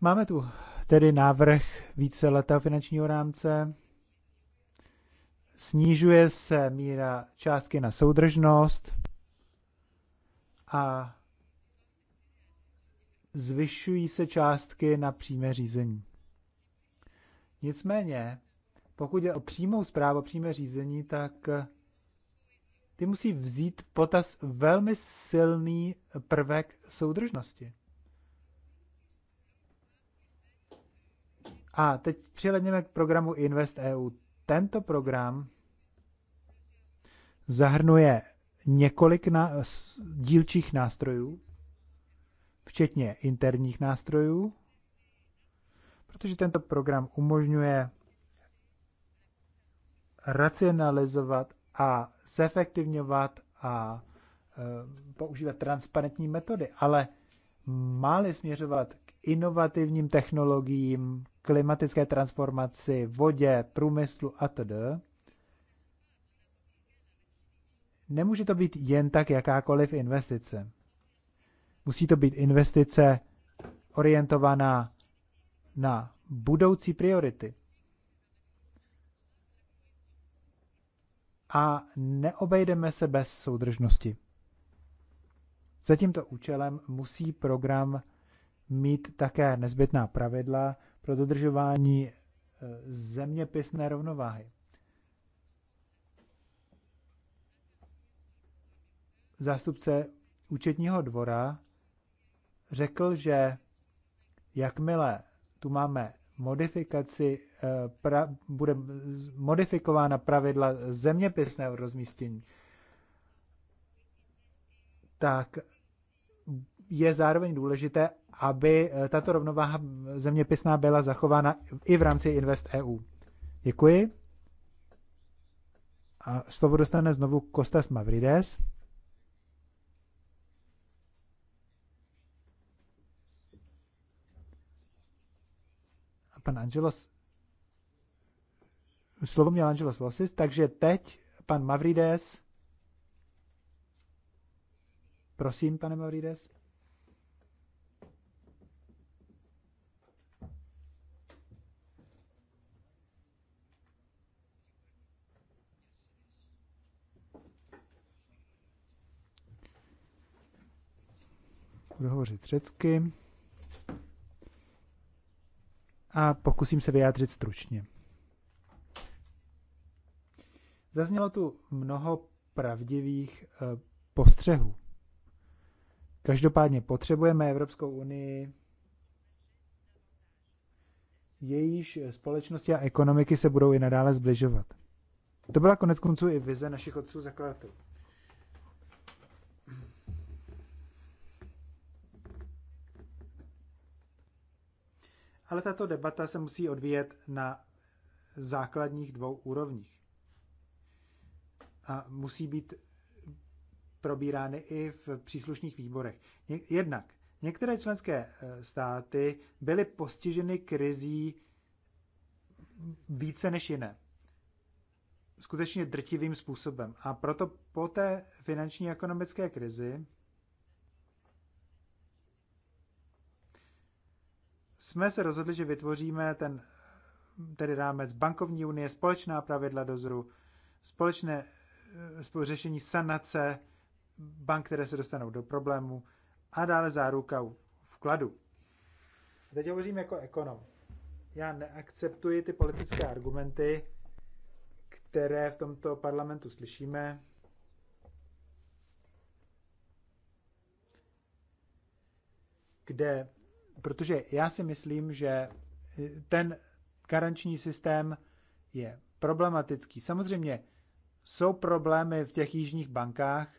Máme tu tedy návrh více leta finančního rámce. Snižuje se míra částky na soudržnost a zvyšují se částky na přímé řízení. Nicméně, pokud je o přímou zprávu, přímé řízení, tak eh, ty musí vzít potaz velmi silný prvek soudržnosti. A teď přihledněme k programu Invest EU. Tento program zahrnuje několik na, dílčích nástrojů, včetně interních nástrojů, protože tento program umožňuje racionalizovat a zefektivňovat a e, používat transparentní metody, ale máli směřovat k inovativním technologiím, klimatické transformaci, vodě, průmyslu atd., nemůže to být jen tak jakákoliv investice. Musí to být investice orientovaná na budoucí priority. A neobejdeme se bez soudržnosti. Za tímto účelem musí program mít také nezbytná pravidla pro dodržování e, zeměpisné rovnováhy. Zástupce účetního dvora řekl, že jakmile tu máme modifikaci, eh, pra, bude modifikována pravidla zeměpisného rozmístění, tak je zároveň důležité, aby eh, tato rovnováha zeměpisná byla zachována i v rámci Invest EU. Děkuji. A slovo dostane znovu Kostas Mavrides. pan Angelos, slovo měl Angelos Vosis, takže teď pan Mavrides. Prosím, pane Mavrides. Budu hovořit řecky a pokusím se vyjádřit stručně. Zaznělo tu mnoho pravdivých eh, postřehů. Každopádně potřebujeme Evropskou unii, jejíž společnosti a ekonomiky se budou i nadále zbližovat. To byla konec konců i vize našich otců zakladatelů. Ale tato debata se musí odvíjet na základních dvou úrovních. A musí být probírány i v příslušných výborech. Jednak, některé členské eh, státy byly postiženy krizí více než jiné. Skutečně drtivým způsobem. A proto po té finanční ekonomické krizi jsme se rozhodli, že vytvoříme ten tedy rámec bankovní unie, společná pravidla dozoru, společné eh, řešení sanace bank, které se dostanou do problému a dále záruka vkladu. Teď hovořím jako ekonom. Já neakceptuji ty politické argumenty, které v tomto parlamentu slyšíme. kde protože já si myslím, že eh, ten garanční systém je problematický. Samozřejmě jsou problémy v těch jižních bankách,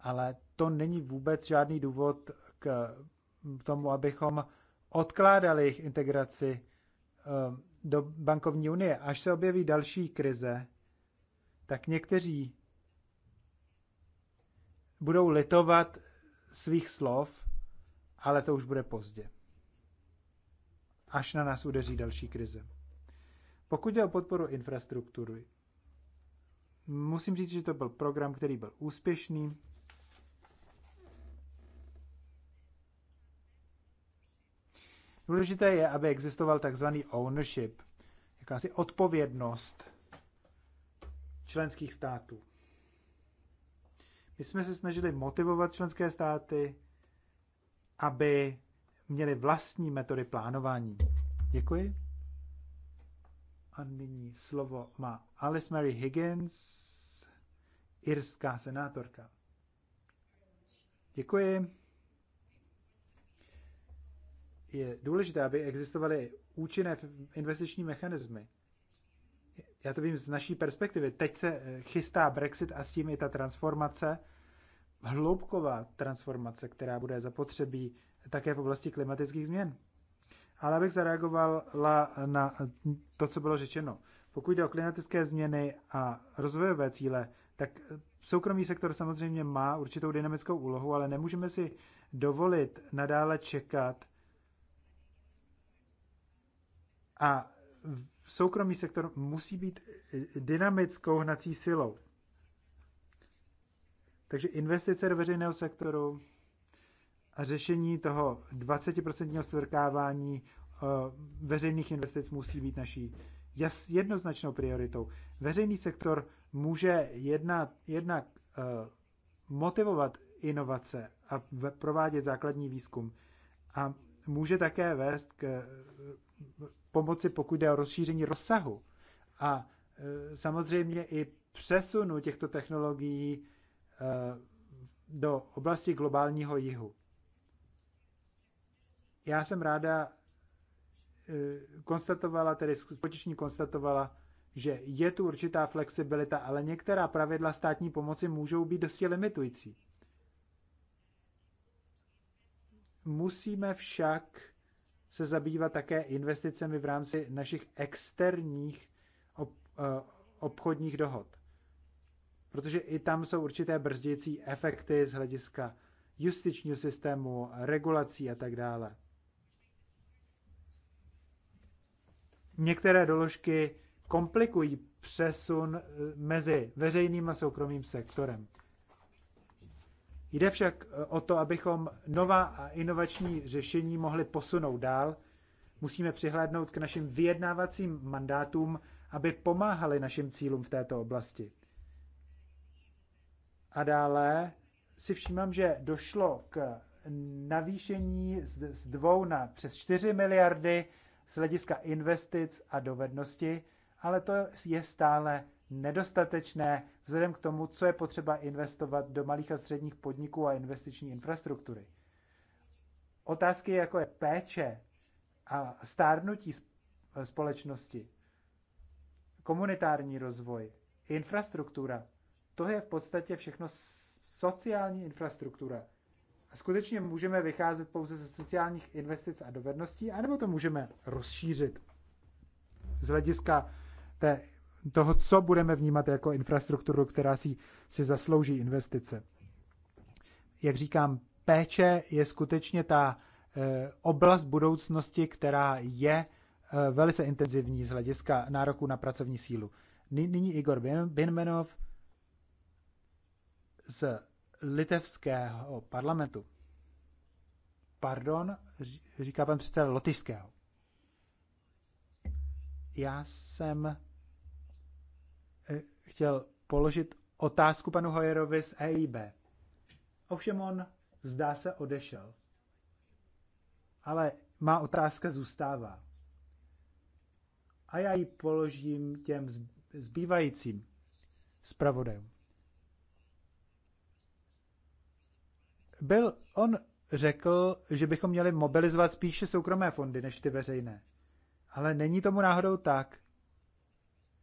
ale to není vůbec žádný důvod k mm, tomu, abychom odkládali jejich integraci eh, do bankovní unie. Až se objeví další krize, tak někteří budou litovat svých slov ale to už bude pozdě. Až na nás udeří další krize. Pokud jde o podporu infrastruktury, musím říct, že to byl program, který byl úspěšný. Důležité je, aby existoval takzvaný ownership, jakási odpovědnost členských států. My jsme se snažili motivovat členské státy, aby měli vlastní metody plánování. Děkuji. A nyní slovo má Alice Mary Higgins, irská senátorka. Děkuji. Je důležité, aby existovaly účinné investiční mechanismy. Já to vím z naší perspektivy. Teď se chystá Brexit a s tím i ta transformace hloubková transformace, která bude zapotřebí také v oblasti klimatických změn. Ale abych zareagovala na to, co bylo řečeno. Pokud jde o klimatické změny a rozvojové cíle, tak soukromý sektor samozřejmě má určitou dynamickou úlohu, ale nemůžeme si dovolit nadále čekat a soukromý sektor musí být dynamickou hnací silou. Takže investice do veřejného sektoru a řešení toho 20% svrkávání eh, veřejných investic musí být naší jednoznačnou prioritou. Veřejný sektor může jednat, jednak eh, motivovat inovace a provádět základní výzkum a může také vést k eh, pomoci, pokud jde o rozšíření rozsahu a samozřejmě i přesunu těchto technologií do oblasti globálního jihu. Já jsem ráda eh, konstatovala, tedy spočeční konstatovala, že je tu určitá flexibilita, ale některá pravidla státní pomoci můžou být dosti limitující. Musíme však se zabývat také investicemi v rámci našich externích eh, obchodních dohod protože i tam jsou určité brzdící efekty z hlediska justičního systému, regulací a tak dále. Některé doložky komplikují přesun eh, mezi veřejným a soukromým sektorem. Jde však eh, o to, abychom nová a inovační řešení mohli posunout dál. Musíme přihlédnout k našim vyjednávacím mandátům, aby pomáhali našim cílům v této oblasti. A dále si všímám, že došlo k navýšení z dvou na přes 4 miliardy z hlediska investic a dovednosti, ale to je stále nedostatečné vzhledem k tomu, co je potřeba investovat do malých a středních podniků a investiční infrastruktury. Otázky jako je péče a stárnutí společnosti, komunitární rozvoj, infrastruktura – to je v podstatě všechno sociální infrastruktura. A skutečně můžeme vycházet pouze ze sociálních investic a dovedností, anebo to můžeme rozšířit z hlediska té, toho, co budeme vnímat jako infrastrukturu, která si, si zaslouží investice. Jak říkám, péče je skutečně ta e, oblast budoucnosti, která je e, velice intenzivní z hlediska nároku na pracovní sílu. Nyní Igor Binmenov z litevského parlamentu. Pardon, říká pan předseda lotyšského. Já jsem eh, chtěl položit otázku panu Hojerovi z EIB. Ovšem on, zdá se, odešel. Ale má otázka zůstává. A já ji položím těm zbývajícím zpravodajům. byl, on řekl, že bychom měli mobilizovat spíše soukromé fondy než ty veřejné. Ale není tomu náhodou tak,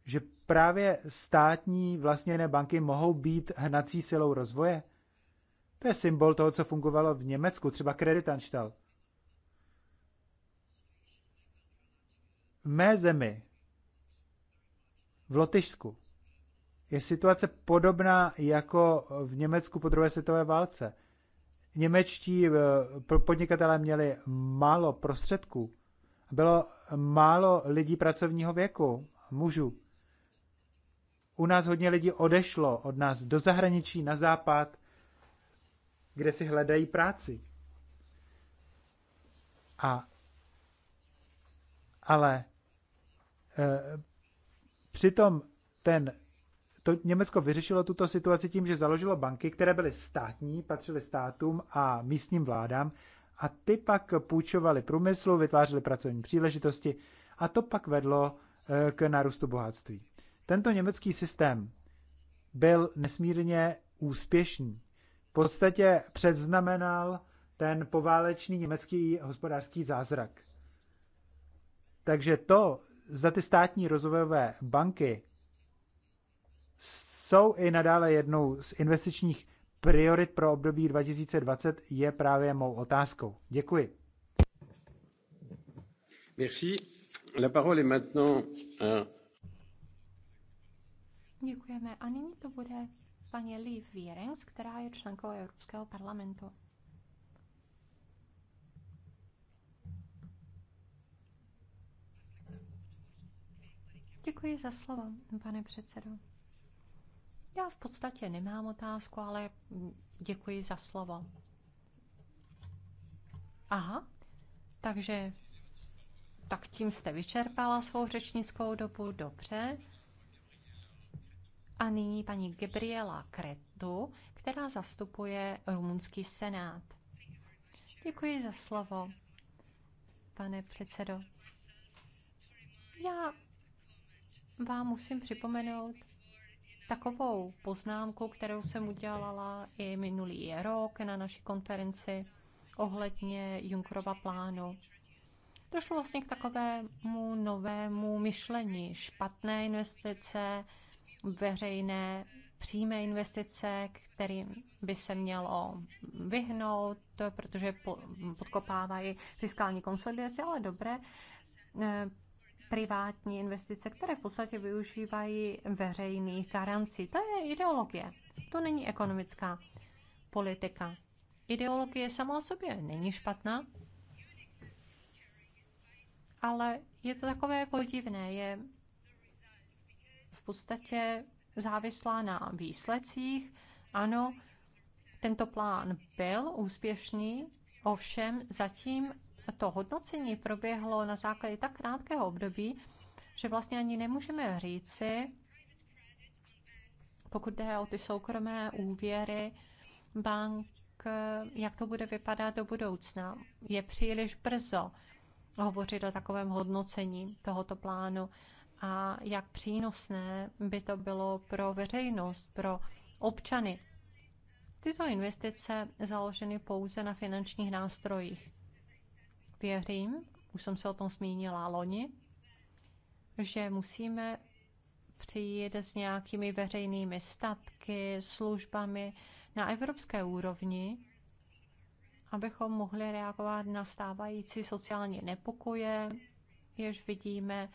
že právě státní vlastněné banky mohou být hnací silou rozvoje? To je symbol toho, co fungovalo v Německu, třeba Kreditanstalt. V mé zemi, v Lotyšsku, je situace podobná jako v Německu po druhé světové válce – Němečtí eh, podnikatelé měli málo prostředků. Bylo málo lidí pracovního věku, mužů. U nás hodně lidí odešlo od nás do zahraničí, na západ, kde si hledají práci. A ale e, přitom ten to Německo vyřešilo tuto situaci tím, že založilo banky, které byly státní, patřily státům a místním vládám a ty pak půjčovaly průmyslu, vytvářely pracovní příležitosti a to pak vedlo eh, k nárůstu bohatství. Tento německý systém byl nesmírně úspěšný. V podstatě předznamenal ten poválečný německý hospodářský zázrak. Takže to, zda ty státní rozvojové banky jsou i nadále jednou z investičních priorit pro období 2020, je právě mou otázkou. Děkuji. Merci. La parole est maintenant à... Děkujeme. A nyní to bude paní Liv Vierens, která je členkou Evropského parlamentu. Děkuji za slovo, pane předsedo. Já v podstatě nemám otázku, ale děkuji za slovo. Aha, takže tak tím jste vyčerpala svou řečnickou dobu, dobře. A nyní paní Gabriela Kretu, která zastupuje rumunský senát. Děkuji za slovo, pane předsedo. Já vám musím připomenout takovou poznámku, kterou jsem udělala i minulý rok na naší konferenci ohledně Junkrova plánu. Došlo vlastně k takovému novému myšlení. Špatné investice, veřejné přímé investice, kterým by se mělo vyhnout, protože podkopávají fiskální konsolidaci, ale dobré eh, privátní investice, které v podstatě využívají veřejných garancí. To je ideologie, to není ekonomická politika. Ideologie sama o sobě není špatná, ale je to takové podivné, je v podstatě závislá na výsledcích. Ano, tento plán byl úspěšný, ovšem zatím to hodnocení proběhlo na základě tak krátkého období, že vlastně ani nemůžeme říci, pokud jde o ty soukromé úvěry bank, jak to bude vypadat do budoucna. Je příliš brzo hovořit o takovém hodnocení tohoto plánu a jak přínosné by to bylo pro veřejnost, pro občany. Tyto investice založeny pouze na finančních nástrojích věřím, už jsem se o tom zmínila loni, že musíme přijít s nějakými veřejnými statky, službami na evropské úrovni, abychom mohli reagovat na stávající sociální nepokoje, jež vidíme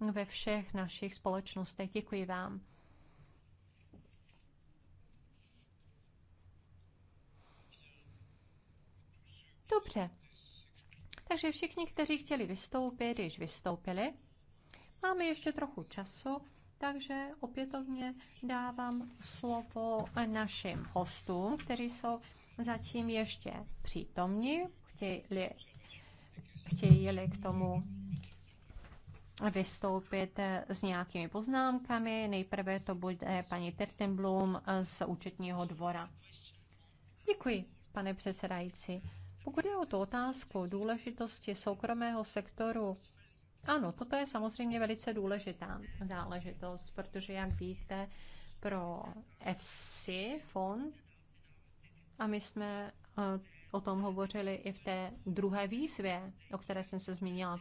ve všech našich společnostech. Děkuji vám. Dobře, takže všichni, kteří chtěli vystoupit, již vystoupili. Máme ještě trochu času, takže opětovně dávám slovo našim hostům, kteří jsou zatím ještě přítomní, chtějí-li, chtějí-li k tomu vystoupit s nějakými poznámkami. Nejprve to bude paní Tertenblum z účetního dvora. Děkuji, pane předsedající. Pokud je o tu otázku důležitosti soukromého sektoru, ano, toto je samozřejmě velice důležitá záležitost, protože, jak víte, pro FC fond, a my jsme eh, o tom hovořili i v té druhé výzvě, o které jsem se zmínila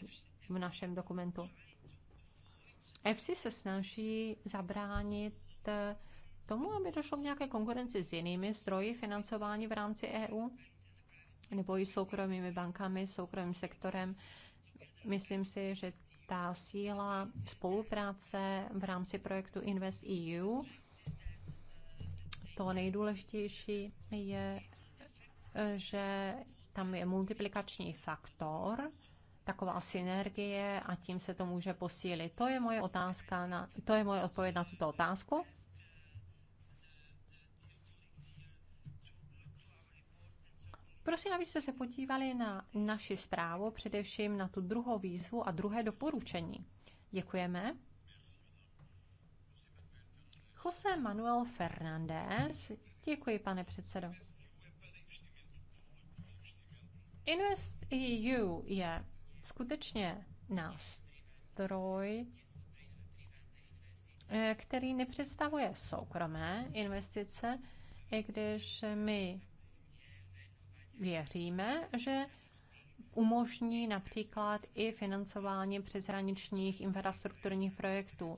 v našem dokumentu. FC se snaží zabránit eh, tomu, aby došlo k nějaké konkurenci s jinými zdroji financování v rámci EU nebo i soukromými bankami, soukromým sektorem. Myslím si, že ta síla spolupráce v rámci projektu Invest EU, to nejdůležitější je, že tam je multiplikační faktor, taková synergie a tím se to může posílit. To je moje otázka na, to je moje odpověď na tuto otázku. Prosím, abyste se podívali na naši zprávu, především na tu druhou výzvu a druhé doporučení. Děkujeme. Jose Manuel Fernández. Děkuji, pane předsedo. Invest EU je skutečně nástroj, eh, který nepředstavuje soukromé investice, i když my věříme, že umožní například i financování přeshraničních infrastrukturních projektů.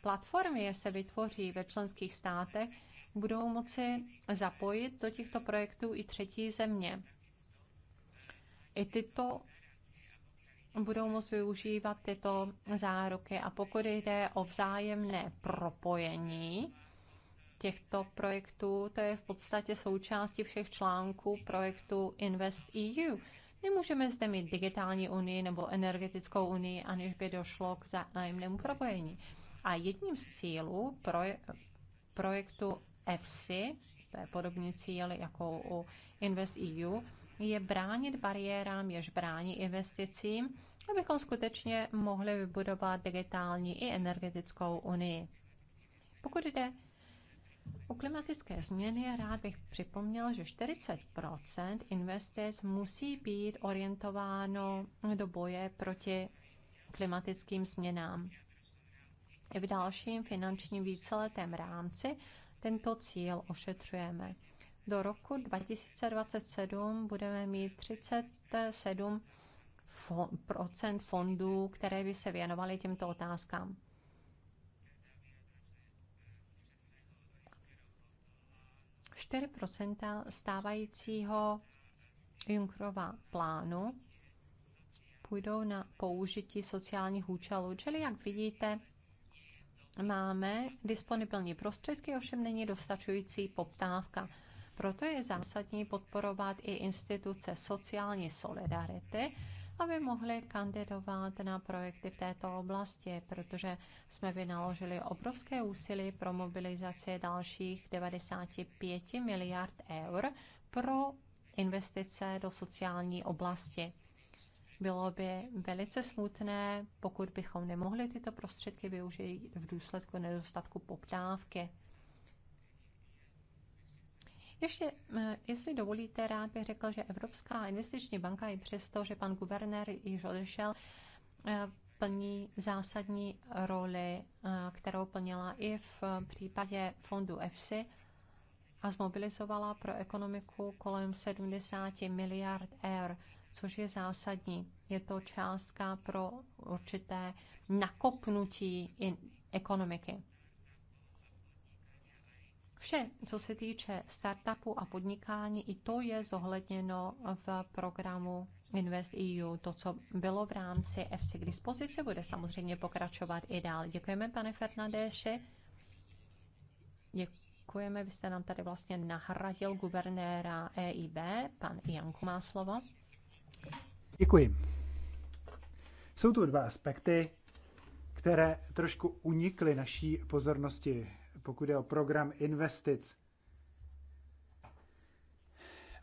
Platformy, jež se vytvoří ve členských státech, budou moci zapojit do těchto projektů i třetí země. I tyto budou moci využívat tyto záruky. A pokud jde o vzájemné propojení, těchto projektů. To je v podstatě součástí všech článků projektu Invest EU. Nemůžeme zde mít digitální unii nebo energetickou unii, aniž by došlo k zájemnému propojení. A jedním z cílů proje- projektu EFSI, to je podobný cíl jako u Invest EU, je bránit bariérám, jež brání investicím, abychom skutečně mohli vybudovat digitální i energetickou unii. Pokud jde u klimatické změny rád bych připomněl, že 40 investic musí být orientováno do boje proti klimatickým změnám. I v dalším finančním víceletém rámci tento cíl ošetřujeme. Do roku 2027 budeme mít 37 fondů, které by se věnovaly těmto otázkám. 4 stávajícího Junkrova plánu půjdou na použití sociálních účelů. Čili, jak vidíte, máme disponibilní prostředky, ovšem není dostačující poptávka. Proto je zásadní podporovat i instituce sociální solidarity, aby mohli kandidovat na projekty v této oblasti, protože jsme vynaložili obrovské úsilí pro mobilizaci dalších 95 miliard eur pro investice do sociální oblasti. Bylo by velice smutné, pokud bychom nemohli tyto prostředky využít v důsledku nedostatku poptávky. Ještě, eh, jestli dovolíte, rád bych řekl, že Evropská investiční banka i přesto, že pan guvernér již odešel, eh, plní zásadní roli, eh, kterou plnila i v případě fondu EFSI a zmobilizovala pro ekonomiku kolem 70 miliard eur, což je zásadní. Je to částka pro určité nakopnutí ekonomiky. Vše, co se týče startupu a podnikání, i to je zohledněno v programu Invest EU. To, co bylo v rámci FC k dispozici, bude samozřejmě pokračovat i dál. Děkujeme, pane Fernandéši. Děkujeme, vy jste nám tady vlastně nahradil guvernéra EIB. Pan Janku má slovo. Děkuji. Jsou tu dva aspekty, které trošku unikly naší pozornosti pokud je o program investic.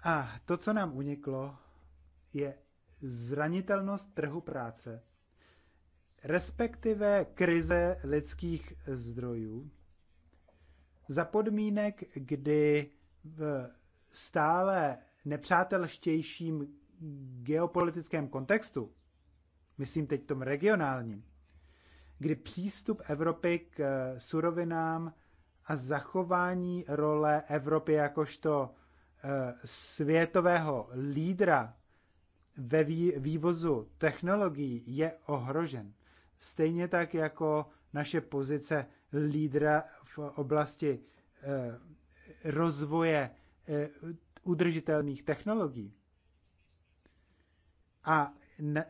A to, co nám uniklo, je zranitelnost trhu práce, respektive krize lidských zdrojů, za podmínek, kdy v stále nepřátelštějším geopolitickém kontextu, myslím teď tom regionálním, kdy přístup Evropy k surovinám a zachování role Evropy jakožto e, světového lídra ve vývozu technologií je ohrožen. Stejně tak jako naše pozice lídra v oblasti e, rozvoje e, udržitelných technologií. A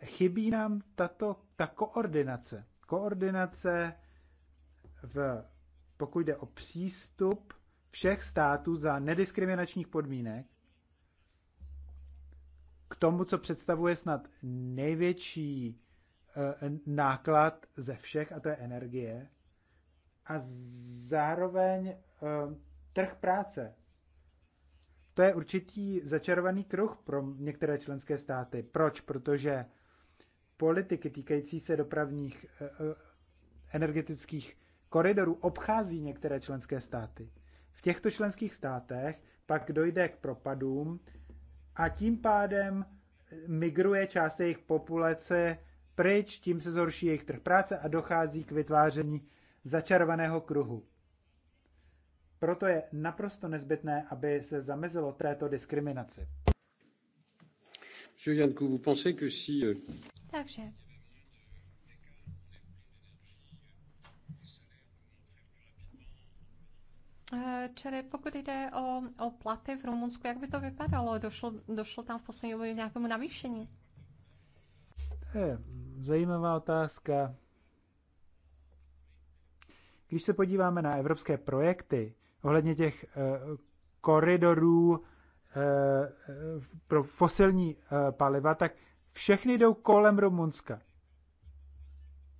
chybí nám tato, ta koordinace. Koordinace v pokud jde o přístup všech států za nediskriminačních podmínek k tomu, co představuje snad největší eh, náklad ze všech, a to je energie, a zároveň eh, trh práce. To je určitý začarovaný kruh pro některé členské státy. Proč? Protože politiky týkající se dopravních eh, energetických koridoru obchází některé členské státy. V těchto členských státech pak dojde k propadům a tím pádem migruje část jejich populace pryč, tím se zhorší jejich trh práce a dochází k vytváření začarovaného kruhu. Proto je naprosto nezbytné, aby se zamezilo této diskriminaci. Euh, Takže Eh, čili pokud jde o, o platy v Rumunsku, jak by to vypadalo? Došlo, došlo tam v poslední době nějakému navýšení? To je zajímavá otázka. Když se podíváme na evropské projekty ohledně těch eh, koridorů eh, pro fosilní paliva, tak všechny jdou kolem Rumunska.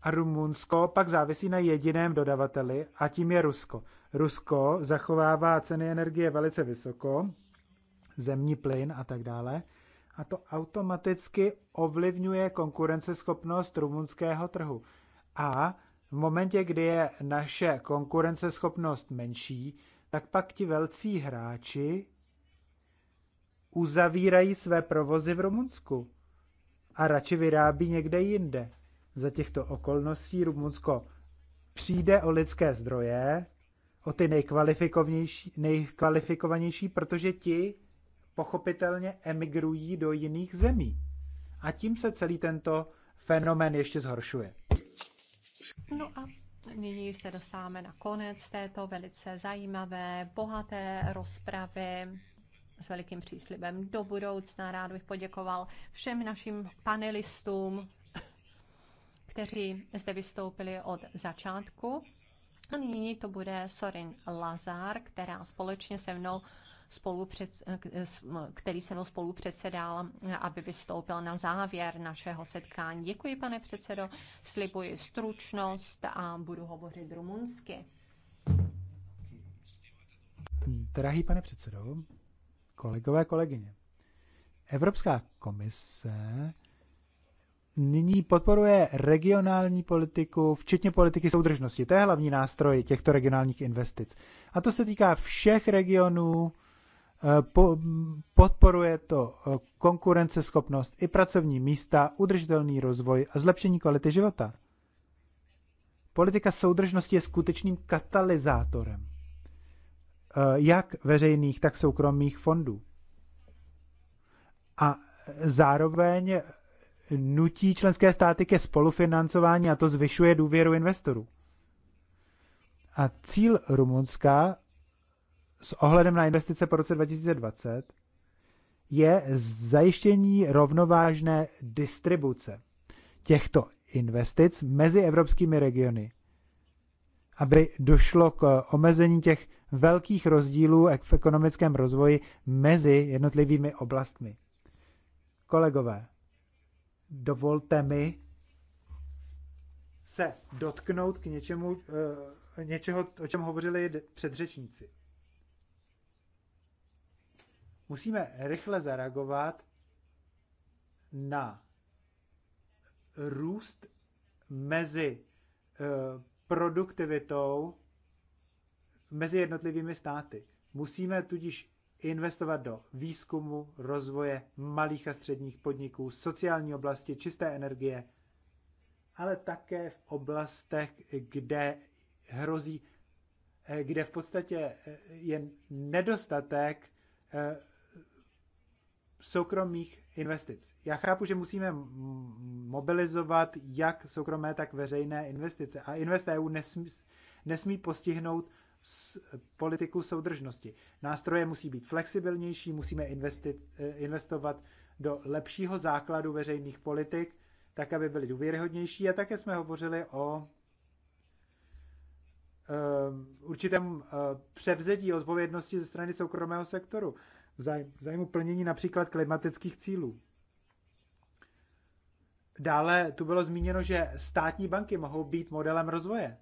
A Rumunsko pak závisí na jediném dodavateli a tím je Rusko. Rusko zachovává ceny energie velice vysoko, zemní plyn a tak dále, a to automaticky ovlivňuje konkurenceschopnost rumunského trhu. A v momentě, kdy je naše konkurenceschopnost menší, tak pak ti velcí hráči uzavírají své provozy v Rumunsku a radši vyrábí někde jinde. Za těchto okolností Rumunsko přijde o lidské zdroje o ty nejkvalifikovanější, nejkvalifikovanější, protože ti pochopitelně emigrují do jiných zemí. A tím se celý tento fenomén ještě zhoršuje. No a nyní se dostáváme na konec této velice zajímavé, bohaté rozpravy s velikým příslibem do budoucna. Rád bych poděkoval všem našim panelistům, kteří zde vystoupili od začátku a nyní to bude Sorin Lazar, která společně se mnou spolu před, který se mnou spolu předsedal, aby vystoupil na závěr našeho setkání. Děkuji, pane předsedo, slibuji stručnost a budu hovořit rumunsky. Drahý pane předsedo, kolegové, kolegyně, Evropská komise nyní podporuje regionální politiku, včetně politiky soudržnosti. To je hlavní nástroj těchto regionálních investic. A to se týká všech regionů, eh, podporuje to eh, konkurenceschopnost i pracovní místa, udržitelný rozvoj a zlepšení kvality života. Politika soudržnosti je skutečným katalyzátorem eh, jak veřejných, tak soukromých fondů. A zároveň nutí členské státy ke spolufinancování a to zvyšuje důvěru investorů. A cíl Rumunska s ohledem na investice po roce 2020 je zajištění rovnovážné distribuce těchto investic mezi evropskými regiony, aby došlo k omezení těch velkých rozdílů v ekonomickém rozvoji mezi jednotlivými oblastmi. Kolegové, dovolte mi se dotknout k něčemu, eh, něčeho, o čem hovořili předřečníci. Musíme rychle zareagovat na růst mezi eh, produktivitou mezi jednotlivými státy. Musíme tudíž investovat do výzkumu, rozvoje malých a středních podniků, sociální oblasti, čisté energie, ale také v oblastech, kde hrozí, eh, kde v podstatě eh, je nedostatek eh, soukromých investic. Já chápu, že musíme mobilizovat jak soukromé, tak veřejné investice a InvestEU nesmí, nesmí postihnout politiku soudržnosti. Nástroje musí být flexibilnější, musíme investit, eh, investovat do lepšího základu veřejných politik, tak, aby byly důvěryhodnější. A také jsme hovořili o eh, určitém eh, převzetí odpovědnosti ze strany soukromého sektoru v zájmu plnění například klimatických cílů. Dále tu bylo zmíněno, že státní banky mohou být modelem rozvoje.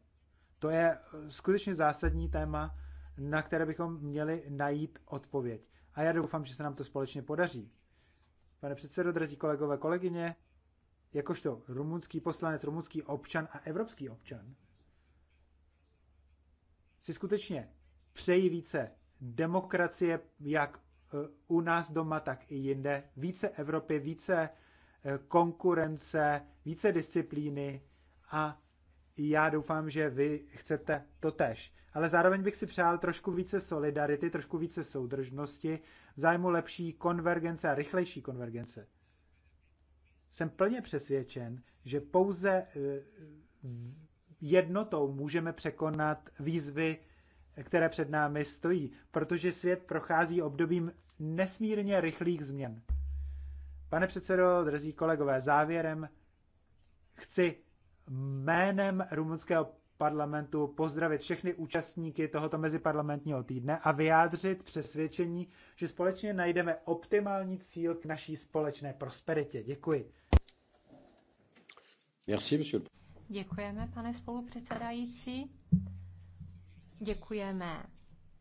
To je skutečně zásadní téma, na které bychom měli najít odpověď. A já doufám, že se nám to společně podaří. Pane předsedo, drazí kolegové, kolegyně, jakožto rumunský poslanec, rumunský občan a evropský občan, si skutečně přeji více demokracie, jak e, u nás doma, tak i jinde. Více Evropy, více e, konkurence, více disciplíny a já doufám, že vy chcete to tež. Ale zároveň bych si přál trošku více solidarity, trošku více soudržnosti, zájmu lepší konvergence a rychlejší konvergence. Jsem plně přesvědčen, že pouze eh, jednotou můžeme překonat výzvy, které před námi stojí, protože svět prochází obdobím nesmírně rychlých změn. Pane předsedo, drzí kolegové, závěrem chci jménem rumunského parlamentu pozdravit všechny účastníky tohoto meziparlamentního týdne a vyjádřit přesvědčení, že společně najdeme optimální cíl k naší společné prosperitě. Děkuji. Merci, monsieur. Děkujeme, pane spolupředsedající. Děkujeme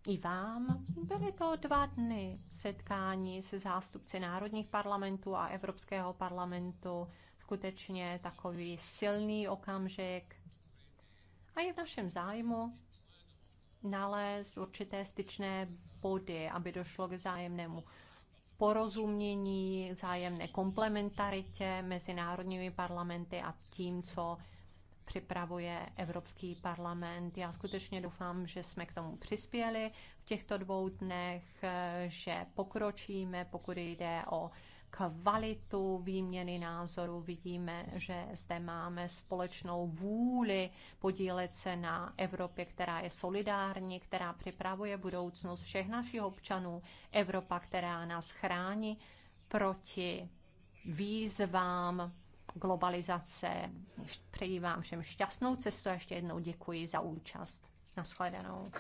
i vám. Byly to dva dny setkání se zástupci národních parlamentů a Evropského parlamentu skutečně takový silný okamžik a je v našem zájmu nalézt určité styčné body, aby došlo k zájemnému porozumění, zájemné komplementaritě mezi národními parlamenty a tím, co připravuje Evropský parlament. Já skutečně doufám, že jsme k tomu přispěli v těchto dvou dnech, že pokročíme, pokud jde o kvalitu výměny názorů. Vidíme, že zde máme společnou vůli podílet se na Evropě, která je solidární, která připravuje budoucnost všech našich občanů. Evropa, která nás chrání proti výzvám globalizace. Přeji vám všem šťastnou cestu a ještě jednou děkuji za účast. Naschledanou.